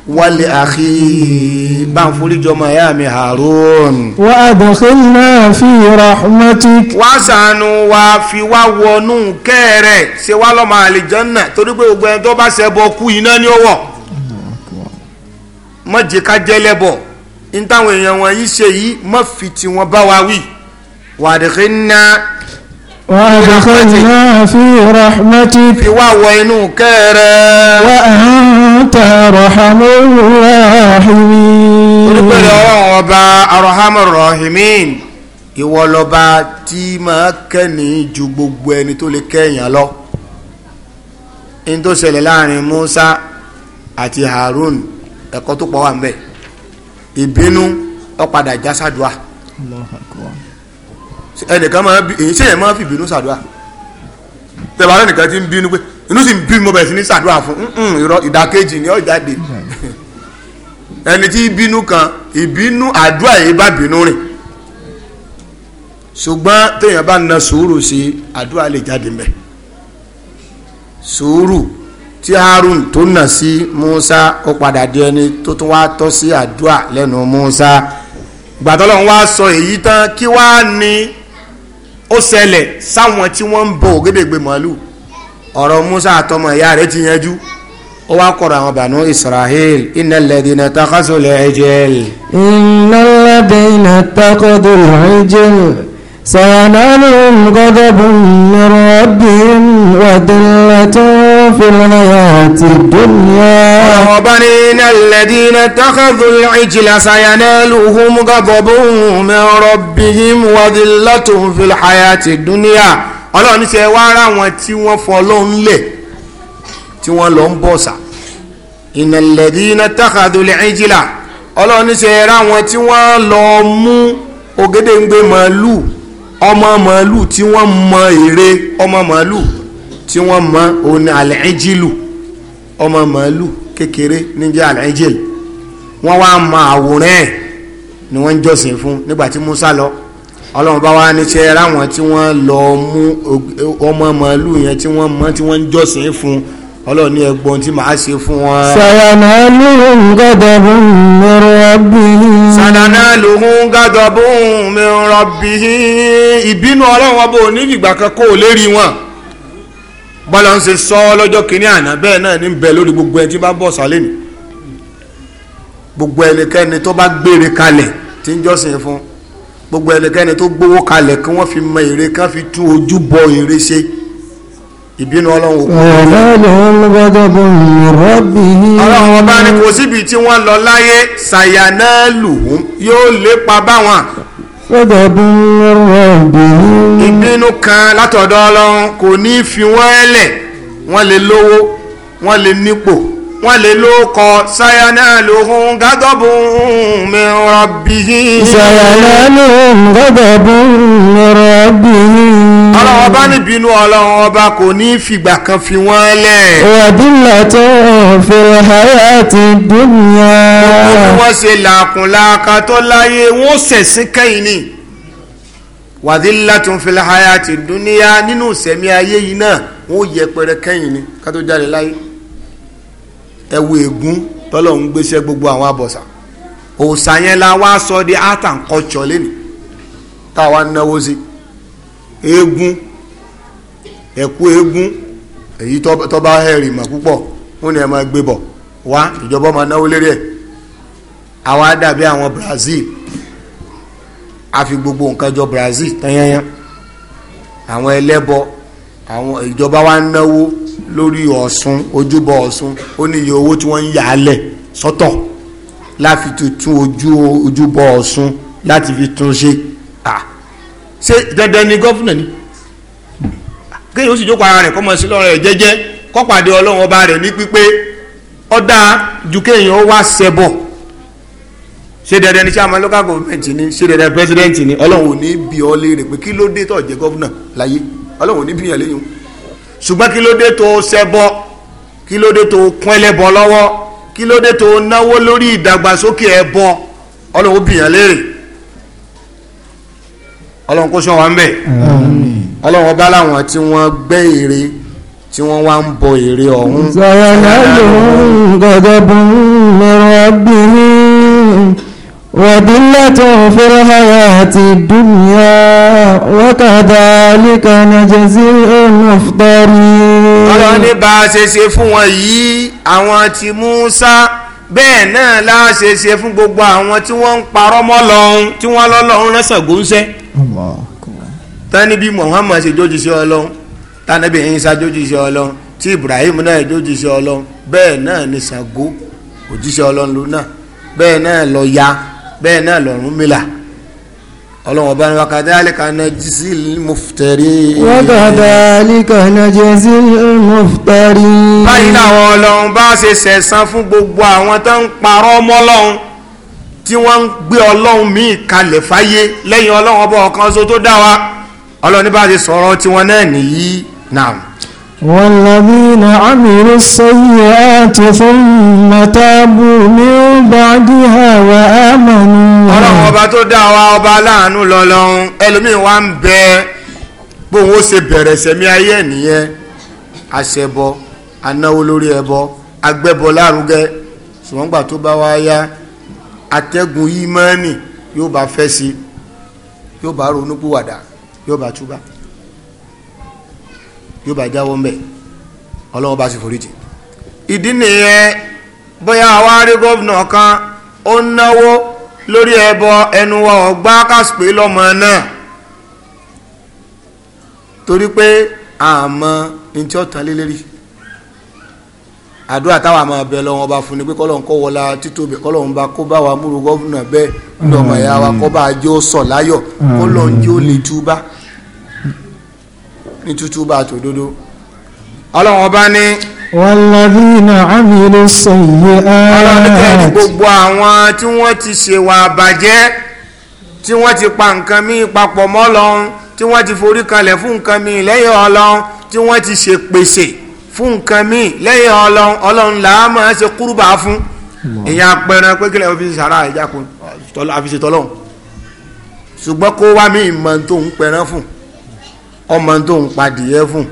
wálé àkí bá ń foríjọ ọmọ ẹ̀yà mi Harun. wà á adkhilna fi rahmatik. wá sànù wá fi wá wọnú kẹ́rẹ̀ ṣe wá lọ́mọ àlìjánná torí pé gbogbo ẹni tó bá ṣẹbọ kú iná ni ó wọ̀. má jẹ́ ká jẹ́lẹ́bọ̀ ní táwọn èèyàn wọ̀nyí ṣe yìí má fi tiwọn bá wa wí. wà á adkhilna. وادخلنا في رحمتك في وين كرا وأنت أرحم الراحمين olùpẹ̀lẹ̀ ọlọ́run ọba arhamar rahimin ìwọ lọ́ba tí máa kẹ́ni ju gbogbo ẹni tó lè kẹ́yàn lọ in tó ṣẹlẹ̀ láàrin Musa àti Harun ẹ̀kọ́ tó pọ̀ wà ń bẹ̀ ìbínú ó já sádùá ẹnìkan máa bí èyí sẹ́yìn máa fi bínú ṣàdúrà tẹ̀bà lẹ́nìkan ti ń bínú pé inú sì ń bí mo bẹ̀rẹ̀ sí ní ṣàdúrà fún irọ́ ìdàkejì ni ó jáde (laughs) ẹni tí bínú kan ìbínú àdúrà yìí bá bínú rìn ṣùgbọ́n téèyàn bá na sùúrù sí àdúrà lè jáde mbẹ́ sùúrù tí Harun tó nà sí Musa ó padà di ẹni tó tún wá tọ́ sí àdúrà lẹ́nu Musa gbàtọ́lọ́hún wá sọ èyí tán kí wá ní ó ṣẹlẹ̀ sáwọn tí wọ́n ń bọ ògédègbè Musa àtọmọ ìyá rẹ̀ ti yanjú ó wá kọ̀rọ̀ àwọn bànú Israel iná lẹ́dí na takasọ̀lẹ̀ ẹ̀jẹ̀ iná lẹ́dí na takasọ̀lẹ̀ ẹ̀jẹ̀ سينالهم غضب من ربهم وذلة في الحياة الدنيا وبنين الذين اتخذوا العجل سينالهم غضب من ربهم وذلة في الحياة الدنيا ọlọ́run ní ṣe wá ara wọn tí wọ́n fọlọ́n lẹ̀ tí wọ́n lọ ń bọ̀sà ìnàlẹ̀dínà tàkàdùlẹ̀ ẹ̀jìlá ọlọ́run ní ṣe ara wọn tí wọ́n lọ mú ògédéǹgbé màálù ọmọ màálù tí wọ́n mọ èrè ọmọ màálù tí wọ́n mọ òun àlẹ́jìlù ọmọ màálù kékeré níjẹ́ àlẹ́jìlù wọ́n wá mọ àwòrán ẹ̀ ni wọ́n ń jọ́sìn fún nígbà tí Musa lọ ọlọ́run bá wá ní ṣe ráwọn tí wọ́n lọ mú ọmọ màálù yẹn tí wọ́n mọ tí wọ́n ń jọ́sìn fún un ọlọ́run ní ẹgbọ́n tí màá ṣe fún wọn. sàdánà lóhùn gàdàbùn mi rabbihim. sàdánà lóhùn gàdàbùn mi rabbihim. ìbínú ọlọ́run ọba ò ní ìgbà kan kó o lérí wọn. bọ́lá ń ṣe sọ lọ́jọ́ kìíní àná bẹ́ẹ̀ náà ní bẹ́ẹ̀ lórí gbogbo ẹni tí bá bọ̀ sálẹ̀ ni. gbogbo ẹnikẹ́ni tó bá gbére kalẹ̀ tí ń jọ́sìn fún gbogbo ẹnikẹ́ni tó gbowó kalẹ̀ kí wọ́n fi mọ èrè kí wọ́n fi tún ojú bọ èrè ṣe ìbínú ọlọ́run òkú ọlọ́run ọba ni kò síbi tí wọ́n lọ láyé sàyánálù yóò lépa báwọn ìbínú kan látọ̀dọ̀ ọlọ́run kò ní fi wọ́n lẹ̀ wọ́n lè lówó wọ́n lè nípò wọ́n lè ló kọ sayanaluhum gádọ́bùn min rabbihim sayanaluhum gádọ́bùn min rabbihim ọlọ́run ọba níbínú ọlọ́run ọba kò ní fìgbà kan fi wọ́n lẹ̀. ìwàdìlà tó ń fèrè àyà ti dúnìyà. gbogbo bí wọ́n ṣe làákùn làákà tó láyé wọ́n ṣẹ̀sìn kẹ́yìn ni wàdìlà tó ń fèrè àyà ti dúnìyà nínú ìṣẹ̀mí ayé yìí náà wọ́n yẹpẹrẹ kẹ́yìn ni ká tó jáde láyé ẹ̀wù ègún tọ́lọ̀ ń gbéṣẹ́ gbogbo àwọn abọ̀sà òòsà yẹn la wá sọ Egun, ẹ̀kú Egun, èyí tó bá hẹ̀rì mọ̀ púpọ̀ ó ní ẹ máa gbé bọ̀ wá ìjọba máa náwó lérí ẹ̀ àwa dàbí àwọn Brazil a fi gbogbo nǹkan jọ Brazil tanyanya àwọn ẹlẹ́bọ àwọn ìjọba wa ń náwó lórí Ọ̀ṣun ojúbọ Ọ̀ṣun ó ní iye owó tí wọ́n ń yà á lẹ̀ sọ́tọ̀ láfi tuntun ojú ojúbọ Ọ̀ṣun láti fi tún ṣe ṣé dandan ni gọ́fúnà ni kéèyàn ó sì jókòó ara rẹ̀ kọ́ mọ̀ sí lọ́rọ̀ rẹ̀ jẹ́jẹ́ kọ́ pàdé ọlọ́run ọba rẹ̀ ní pípé ọ̀dà ju kéèyàn ó wá ṣẹbọ ṣé dandan ni chairman local government ni ṣé dandan president ni ọlọ́run ò ní bi ọ́ léèrè pé kí ló dé tó jẹ́ gọ́fúnà láyé ọlọ́run ò ní bìyàn léyìn ṣùgbọ́n kí ló dé tó ṣẹbọ kí ló dé tó kún ẹlẹ́bọ lọ́wọ́ kí ló dé tó náwó lórí ìdàgbàsókè ẹbọ ọlọ́run ó bìyàn léèrè ọlọ́run kó sọ wa ń bẹ̀ ọlọ́run ọba láwọn tí wọ́n gbẹ́ ère tí wọ́n wá ń bọ ère ọ̀hún. sọ̀rọ̀lá yòówù gọ̀dọ̀ bù ń lọ́rọ̀ bìnrin wàdílẹ̀ tó ń fẹ́rẹ̀ háyà àti dúnìyà wákàtà àlìkànnà jẹ́sí olùfọ́rí. ọlọ́run ní bá a ṣe ṣe fún wọn yìí àwọn tí Mùsá bẹ́ẹ̀ náà láṣẹ fún gbogbo àwọn tí wọ́n ń parọ́ mọ́ lọ́hún tí wọ́n lọ́lọ́hún lọ́sàn-án tani bí muhammad ṣe jójú sí ọlọ́run tanabi isa jójú sí ọlọ́run tí ibrahim náà jójú sí ọlọ́run bẹ́ẹ̀ náà ni sago òjíṣẹ́ ọlọ́run ló náà bẹ́ẹ̀ náà lọ ya bẹ́ẹ̀ náà lọ́run mìlá ọlọ́run ọba ni wakadhalika najzil muftarin. wakadhalika najzil muftarin. báyìí làwọn ọlọ́run bá ṣe ṣẹ̀san fún gbogbo àwọn tó ń parọ́ mọ́lọ́run. tí wọ́n ń gbé ọlọ́run míì kalẹ̀ fáyé lẹ́yìn ọlọ́run ọba ọ̀kan tó dá wa ọlọ́run bá ti sọ̀rọ̀ tiwọn náà nìyí náà. والذين عملوا السيئات na تابوا من بعدها وآمنوا ọlọ́run ọba tó dá wa ọba aláàánú lọ́lọ́run ẹlòmíín ń bẹ ó ṣe bẹ̀rẹ̀ sẹ́mi ayé nìyẹn àṣẹbọ anáwó lórí ẹbọ lárugẹ ṣùgbọ́n gbà atẹ́gùn ìmánì yóò bá fẹ́ sí yóò bá ronúpìwàdà yóò bá túbà yóò bá jáwọ́ mbẹ́ ọlọ́wọ́ bá sì foríjì ìdí nìyẹn bóyá àwa rí gómìnà kan ó náwó lórí ẹbọ ẹnu wa ọgbà kásìpé lọ́mọ náà torí pé àmọ́ ní tí ó tán lé lérí àdúrà táwa máa bẹ lọ́wọ́n bá fún ni pé kọ́lọ́n kọ́ wọlá títóbi kọ́lọ́n bá kó bá wa múru gọ́vùnà bẹ́ẹ̀ lọ́mọ ìyá wa kọ́ bá a jẹ́ ó láyọ̀ kọ́lọ́n jẹ́ ó túbá ní tútúbà tòdodo ọlọ́run ọba ní. wàlàdínà àmìlú sèyí ààrẹ. ọlọ́run kẹ́ni gbogbo àwọn tí wọ́n ti ṣèwà àbàjẹ́ tí wọ́n ti pa nǹkan míì papọ̀ mọ́ lọ́hún tí wọ́n ti forí kalẹ̀ fún nǹkan míì lẹ́yìn ọlọ́hún tí wọ́n ti ṣèpèsè fún nǹkan míì lẹ́yìn ọlọ́run ọlọ́run là á máa ṣe kúrúbà fún ìyá pẹran pé kílẹ̀ òfin sàrà ìjà kun àfiṣe tọ́lọ́run ṣùgbọ́n kó wá mí ìmọ̀ tó ń pẹran fún ọmọ tó ń padìyẹ fún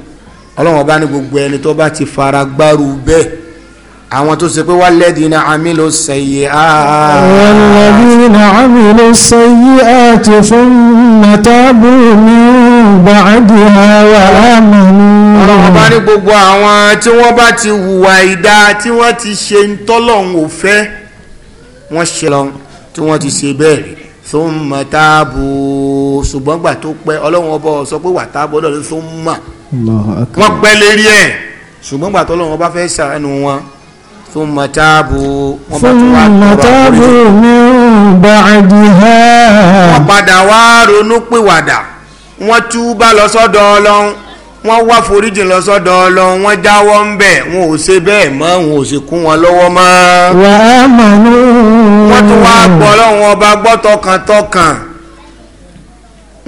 ọlọ́run ọba ní gbogbo ẹni tó bá ti fara gbárù bẹ́ẹ̀ àwọn tó ṣe pé wà lẹ́dínà àmìlò sẹ̀yẹ àá. wọ́n lẹ́dínà àmìlò sẹ̀yẹ àti fún mẹ́tàbù mi ba'diha wa amanu. ọlọ́run bá ní gbogbo àwọn tí wọ́n bá ti hùwà ìdá tí wọ́n ti ṣe ń tọ́lọ́run ò fẹ́ wọ́n ṣe lọ tí wọ́n ti ṣe bẹ́ẹ̀ rí thumma tabu ṣùgbọ́n gbà tó pẹ́ ọlọ́run ọba sọ pé wà táàbù ọlọ́run thumma wọ́n pẹ́ lérí ẹ̀ ṣùgbọ́n gbà tó lọ́run ọba fẹ́ ṣàánú wọn thumma tabu wọ́n bá tún wá tọrọ àforíjì. wọ́n padà wá ronú pìwàdà wọ́n túbà lọ sọ́dọ̀ ọlọ́run wọ́n wá foríjìn lọ sọ́dọ̀ ọlọ́run wọ́n jáwọ́ ń bẹ̀ wọn ò ṣe bẹ́ẹ̀ mọ́ wọn ò sì kún wọn lọ́wọ́ mọ́. wàá mọ̀ ní. wọ́n tún wá gbọ́ ọlọ́run ọba gbọ́ tọkàntọkàn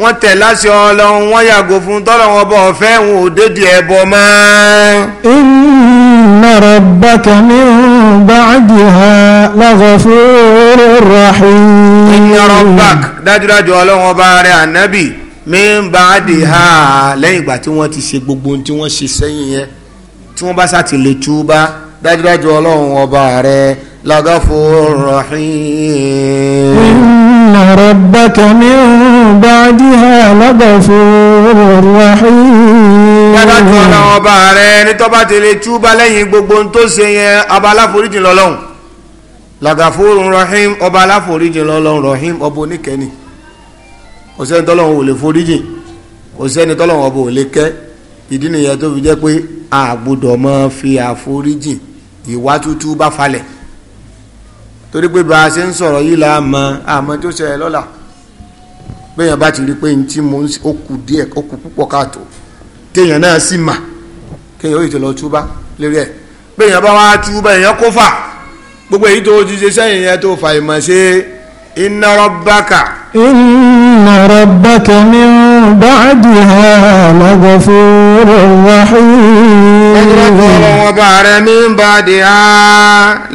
wọ́n tẹ̀ láṣẹ ọlọ́run wọ́n yàgò fún tọ́lọ́wọ́n bọ̀ ọ̀fẹ́ wọn ò dédì ẹbọ mọ́. inna rabbaka min ba'diha laghafurur rahim. inna rabbaka dájúdájú ọlọ́run ọba rẹ̀ ànábì mímbàdì ha lẹ́yìn ìgbà tí wọ́n ti ṣe gbogbo ohun tí wọ́n ṣe sẹ́yìn yẹn tí wọ́n bá ṣàtìlẹ̀ túbá dájúdájú ọlọ́run ọba rẹ lọ́gọ́fọ́ rahim. inna rabbaka min ba'diha lọ́gọ́fọ́ rahim. dájúdájú ọlọ́run ọba rẹ nítọ́ bá ti lè túbá lẹ́yìn gbogbo ohun tó ṣe yẹn ọba aláforíjì lọ́lọ́run lọ́gọ́fọ́ rahim ọba aláforíjì lọ́lọ́run rahim ọba oníkẹ́ni kò sẹ́ni tọ́lọ́run ò lè foríjìn kò sẹ́ni tọ́lọ́run ọba ò lè kẹ́ ìdí nìyẹn tó fi jẹ́ pé a gbọ́dọ̀ máa fi àforíjìn ìwà tútù bá falẹ̀ torí pé bá a ṣe ń sọ̀rọ̀ yìí la mọ àmọ́ tó ṣẹlẹ̀ lọ́la bẹ́yàn bá ti rí pé ntí mo ó kù díẹ̀ ó kù púpọ̀ káàtó téèyàn náà sì mà kéèyàn ó yìí tó lọ túbá lérí ẹ̀ bẹ́yàn bá wá túbá èèyàn kó fà gbogbo èyí tó ti ṣe sẹ́yìn yẹn tó fà ìmọ̀ ṣe é inna rabbaka inna rabbaka min ba'diha laghafurur rahim ẹgbẹ́ ọlọ́run ọba rẹ̀ min ba'diha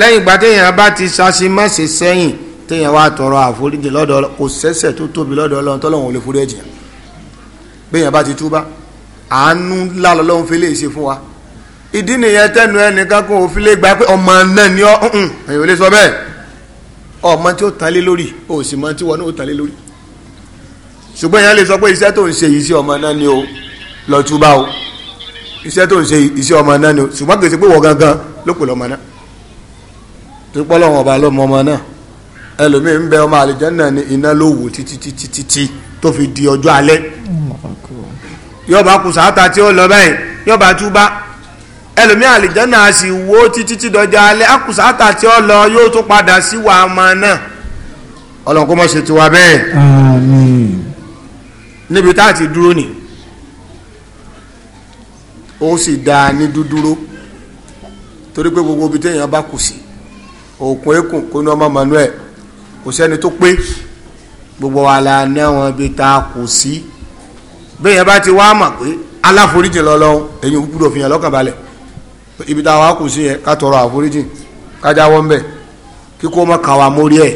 lẹ́yìn ìgbà téèyàn bá ti ṣàṣìmọ́sí sẹ́yìn téèyàn wá tọrọ àforíjì lọ́dọ̀ kò sẹ́sẹ̀ tó tóbi lọ́dọ̀ ọlọ́run tọ́lọ́run ò lè forí ẹ̀jìyàn béèyàn bá ti túbá àánú ńlá lọ́lọ́run fi lè ṣe fún wa ìdí nìyẹn tẹnu ẹnìkan kò fi lè gbà pé ọmọ náà ni ọ́ ẹ̀yìn ò lè sọ bẹ́ẹ̀ ọmọ tí ó tán lé lórí o sì mọ tí wọn náà tán lé lórí ṣùgbọ́n èèyàn lè sọ pé iṣẹ́ tó ń ṣe yìí sí ọmọ náà ni o lọ túbá o iṣẹ́ tó ń ṣe yìí sí ọmọ náà ni o ṣùgbọ́n kì í ṣe pé wọ́n gangan ló pè lọ́mọ náà tó pọ́ lọ́wọ́n ọba lọ́mọ ọmọ náà ẹlòmíì ń bẹ ọmọ àlìjẹ́nà ní iná ló wò títí títí títí tó fi di ọjọ́ alẹ́ yọba kùsà á ta tí ó lọ báyìí yọba túbá ẹlòmí àlìjánà a sì wo títí tí dọjà alẹ́ akùsàtà tí ó lọ yóò tún padà sí wa ọmọ náà ọlọ́run kó má ṣe tiwa bẹ́ẹ̀ níbi tá a ti dúró ni ó sì dáa ní dúdúró torí pé gbogbo ibi téèyàn bá kù sí òkun ekun kó ní ọmọ manuel kò sẹ́ni tó pé gbogbo wa la ná wọn bí tá kù sí bẹ́ẹ̀ yẹn bá ti wá mà pé aláforíjì lọ́lọ́run èyí gbúdọ̀ fi hàn lọ́kàn ibi tá a wá kù sí yẹn ká tọrọ àforíjì ká jáwọ́ ń bẹ̀ kí kó má kàn wá mórí ẹ̀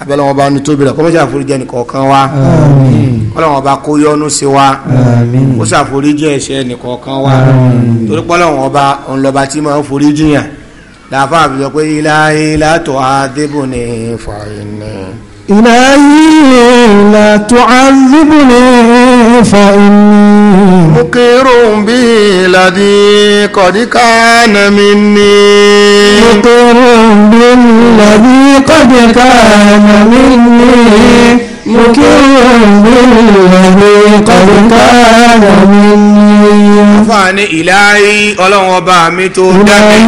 abẹ́lẹ́ wọn bá nu tóbi rẹ̀ kó má ṣe àforíjì ẹnìkọ̀ọ̀kan wa kọ́lọ́ wọn bá kó yọ́nú sí wa kó ṣàforíjì ẹ̀ṣẹ̀ ẹnìkọ̀ọ̀kan wa torí pọ́lọ́ wọn bá ọ̀nlọ́ba tí máa ń foríjì yàn làáfàá àbíjọ pé ilá ilá tó a débò ní fàáyín náà. إلهي لا تعذبني فإني مقر به الذي قد كان مني مقر بالذي قد كان مني مقر بالذي قد كان مني ọfà ní ìlàrí ọlọ́run ọba mi tó dábì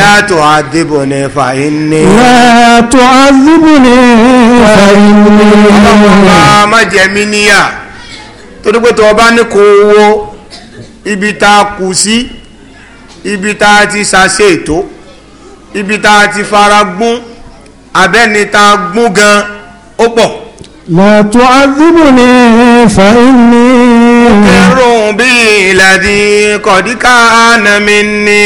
látọ̀ àdìbò ní fàínì látọ̀ àdìbò ní fàínì ọlọ́run ọba má jẹ mí níyà tó dípé tó ọba ní kò wo ibi tá kù sí ibi tá ti ṣàṣe ètò ibi tá ti fara gún abẹ́ni tá gún gan ó pọ̀ látọ̀ àdìbò ní fàínì bí ìlàdí kọ̀díkà ànàmì ni.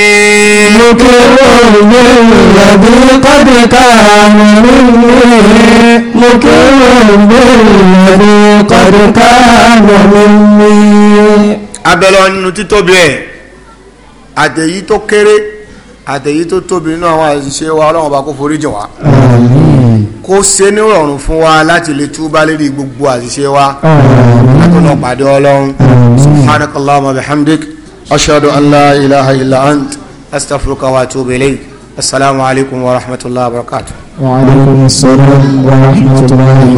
mo kí ló bí ìlàdí kọ̀díkà ànàmì ni. mo kí ló bí ìlàdí kọ̀díkà ànàmì ni. abẹ́lẹ́ ọ̀nù títóbi ẹ̀ àtẹ̀yí tó kéré àtẹ̀yí tó tóbi nínú àwọn àṣìṣe wa ọlọ́run bá kó forí jìn wá kó ṣe ní rọ̀rùn fún wa láti lè túbá lérí gbogbo àṣìṣe wa látọ̀nà pàdé ọlọ́run subhanakallah wa bihamdik ashadu an la ilaha illa ant astaghfiruka wa atubu ilayk assalamu alaikum wa rahmatullahi wa barakatuh. wa alaikum assalam wa rahmatullahi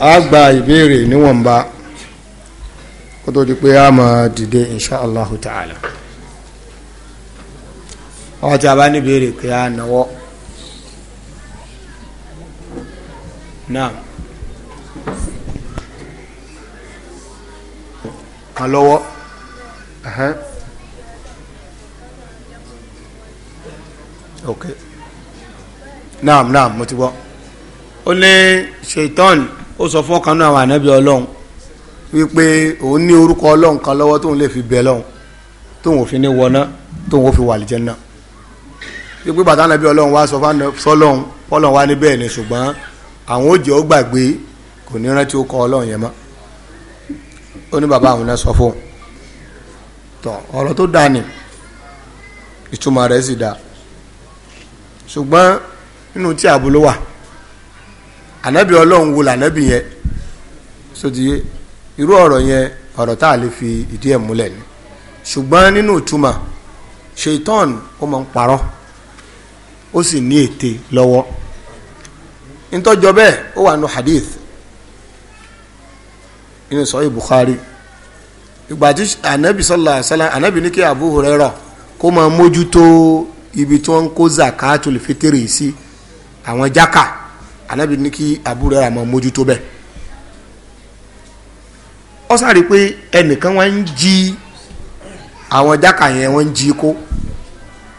wa a gba ìbéèrè níwọ̀nba kó tó di pé a máa dìde inṣàallahu ta'ala. àwọn bá ní ìbéèrè kí a náwó. náà kan lọ́wọ́ ok naam naam mo ti gbọ́ ó ní ṣèitán ó sọ fún ọ̀kan náà àwọn ànábì ọlọ́run wípé òun ní orúkọ ọlọ́run kan lọ́wọ́ tóun lè fi bẹ lọ́hùn tóun ò fi ní wọná tóun ò fi wà lìjẹ́ náà wípé bàtà ànábì ọlọ́run wá sọ fọ́lọ́run fọ́lọ́run wá ní bẹ́ẹ̀ ni ṣùgbọ́n àwọn ó jẹ́ ó gbàgbé kò ní rántí ó kọ́ ọlọ́run yẹn mọ́ ó ní bàbá àwọn náà sọ fún un tọ ọ̀rọ̀ tó dáa ni ìtumọ̀ rẹ̀ sì dáa ṣùgbọ́n nínú tí àbúlò wà ànábì ọlọ́run wo lànábì yẹn sotiye irú ọ̀rọ̀ yẹn ọ̀rọ̀ tá a lè fi ìdí ẹ̀ múlẹ̀ ni ṣùgbọ́n nínú ìtumọ̀ ṣèitán ó máa ń parọ́ ó sì ní ète lọ́wọ́ ntọ́jọ bẹ́ẹ̀ o wà nù hadith inú sọ́yìn Bukhari ìgbà anabi sallallahu alaihi wasallam anabi ní kí Abu Hurairah kó máa mójútó ibi tí wọn ń kó zakatul fetere sí àwọn jaka anabi ní kí Abu Hurairah máa mójútó bẹ́ẹ̀ ó sáré pé ẹnìkan wọ́n ń jí àwọn jaka yẹn wọn ń jí kó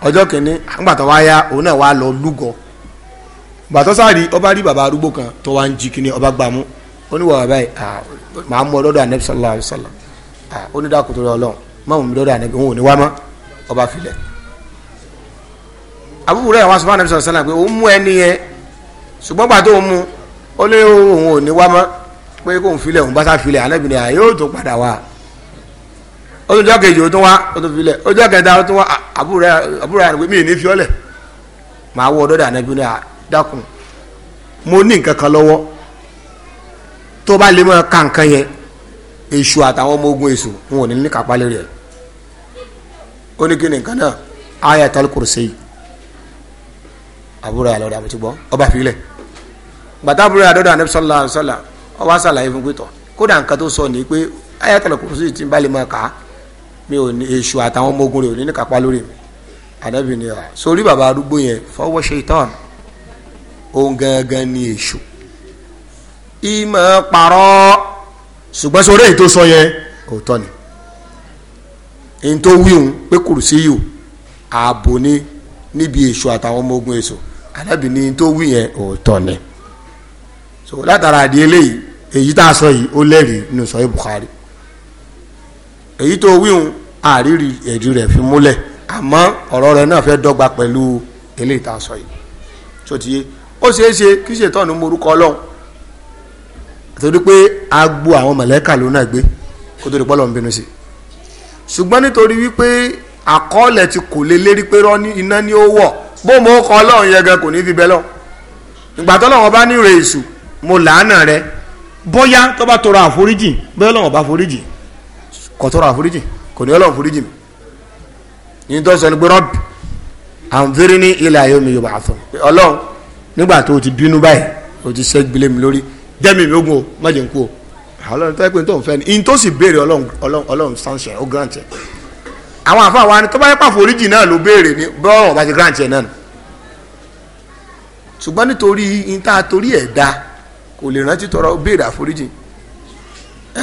ọjọ́ kìíní àgbàtà ya òun náà wá lọ lúgọ̀ọ́ gbàtọ́ sáàrí ọba rí baba arúgbó kan tó wá ń jí kíní ọba gbàmú onye bàbá yìí màá mú ọ lọ́dọ̀ anabi sallallahu alayhi wa sallam onídàkùtò ọlọ́run máa mú mi lọ́dọ̀ anabi òun ò ní wá mọ́ ọba filẹ̀ àbúrò sọ pé ẹni yẹn ṣùgbọ́n gbà tó mú ó lé Dakun, mo ní nǹkan kan lọ́wọ́ tó bá lè máa ka nǹkan yẹn èṣù àtàwọn ọmọ ogun èṣù wọn ò ní ní kápá lérí ẹ ó ní kí ni nǹkan náà Ayatul Kursi àbúrò àlọ́ rẹ̀ àbútí gbọ́ ọba fílẹ̀ gbàtà àbúrò àdọ́dọ̀ Ànábì sallallahu alaihi wasallam ọba sàlàyé fún pétọ́ kódà nǹkan tó sọ ni pé Ayatul Kursi ti bá lè máa kà mi ò ní èṣù àtàwọn ọmọ ogun rẹ̀ ò ní ní kápá lórí mi Ànábì ni sórí bàbá arúgbó yẹn fọwọ́ ṣe ìtọ́nù òun gangan ni èṣù ìmọ̀ parọ́ ṣùgbọ́n sórí èyí tó sọ yẹn òótọ́ ni èyí tó wí òun pé kùrùsí yìí ààbò ni níbi èṣù àtàwọn ọmọ ogun èṣù alábìíní tó wí yẹn òótọ́ ni so látara àdìẹ lẹ́yìn èyí tá a sọ yìí ó lẹ́rìí nínú sọ yìí Bukhari èyí tó wí òun àrírí ẹ̀rí rẹ̀ fi múlẹ̀ àmọ́ ọ̀rọ̀ rẹ̀ náà fẹ́ dọ́gba pẹ̀lú eléyìí tá a sọ yìí tó ti yé. So, ó ṣeé ṣe kí ṣètọ́nù morúkọ ọlọ́run torí pé agbo àwọn mọ̀lẹ́kà ló náà gbé kó tó di pọ́lọ́ ń bínú sí ṣùgbọ́n nítorí wípé àkọọ́lẹ̀ ti kò lé lérí pé iná ni ó wọ̀ bó mo kọ ọlọ́run yẹn gan kò ní fi bẹ́ lọ ìgbà tó lọ́wọ́ bá ní ìrè èṣù mo làánà rẹ bóyá tó bá tọrọ àforíjì bóyá lọ́wọ́ bá foríjì kò tọrọ àforíjì kò ní ọlọ́run foríjì mi ní tó sọ ni pé rọ́bì àǹfẹ́rẹ́ ní ilẹ̀ ayé mi yorùbá àtọ̀ ọlọ́run nígbà tó o ti bínú báyìí o ti ṣe gbilé mi lórí dẹ́mi mi ogun o má jẹ́ n kú o ọlọ́run tó yẹ pé n tó ń fẹ́ ni in tó sì béèrè ọlọ́run ọlọ́run sanṣẹ́ ó grant ẹ̀ àwọn àfa wa ni tó bá yẹ pàfọ́ oríjì náà ló béèrè ni bọ́ọ̀rọ̀ bá ti grant ẹ̀ náà ni ṣùgbọ́n nítorí in tá a torí ẹ̀ da kò lè rántí tọrọ béèrè àforíjì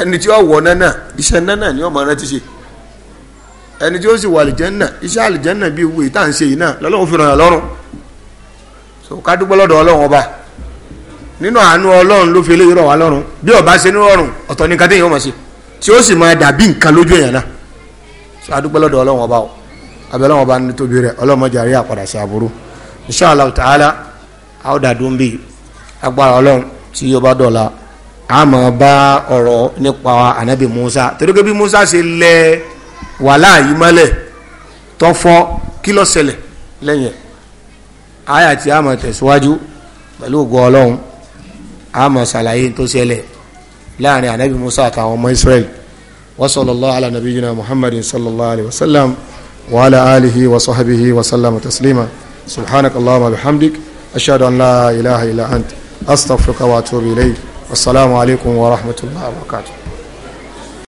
ẹni tí ó wọ nánà iṣẹ́ nánà ni ọmọ rántí ṣe ẹni tí ó sì wọ àlìjẹ́ náà iṣẹ́ àlìjẹ́ náà bí owó ìtà yìí náà lọ́lọ́run fi ràn yàn lọ́rùn so ká dúpẹ́ lọ́dọ̀ ọlọ́run ọba nínú àánú ọlọ́run ló fi eléyìí rọ̀ wá lọ́rùn bí ọba ṣe ní rọrùn ọ̀tọ̀ ní kàdéyìn ọmọ sí tí ó sì máa dàbí nǹkan lójú èèyàn náà so a dúpẹ́ lọ́dọ̀ ọlọ́run ọba o abẹ́ ọlọ́run ọba ní tóbi rẹ̀ ọlọ́mọdé àríyá padà sí aburú insha Allah ta'ala a ó dàdú ń bì agbára ọlọ́run tí yóò bá dọ̀la a máa bá ọ̀rọ̀ nípa ànábì Musa torí bí Musa ṣe lẹ wàhálà yìí mọ́lẹ̀ tọ́fọ́ kí ló lẹ́yìn ẹ̀ àyà tí a máa tẹ̀síwájú pẹ̀lú ògo ọlọ́run a máa ṣàlàyé tó ṣẹlẹ̀ láàrin anabi musa àtàwọn ọmọ israẹli wa sallallahu ala nabiyyina muhammadin sallallahu alayhi wa sallam wa ala alihi wa sahbihi wa sallama taslima subhanaka allahumma bihamdik ashhadu an la ilaha illa ant astaghfiruka wa atubu ilayk assalamu alaykum wa rahmatullahi wa barakatuh.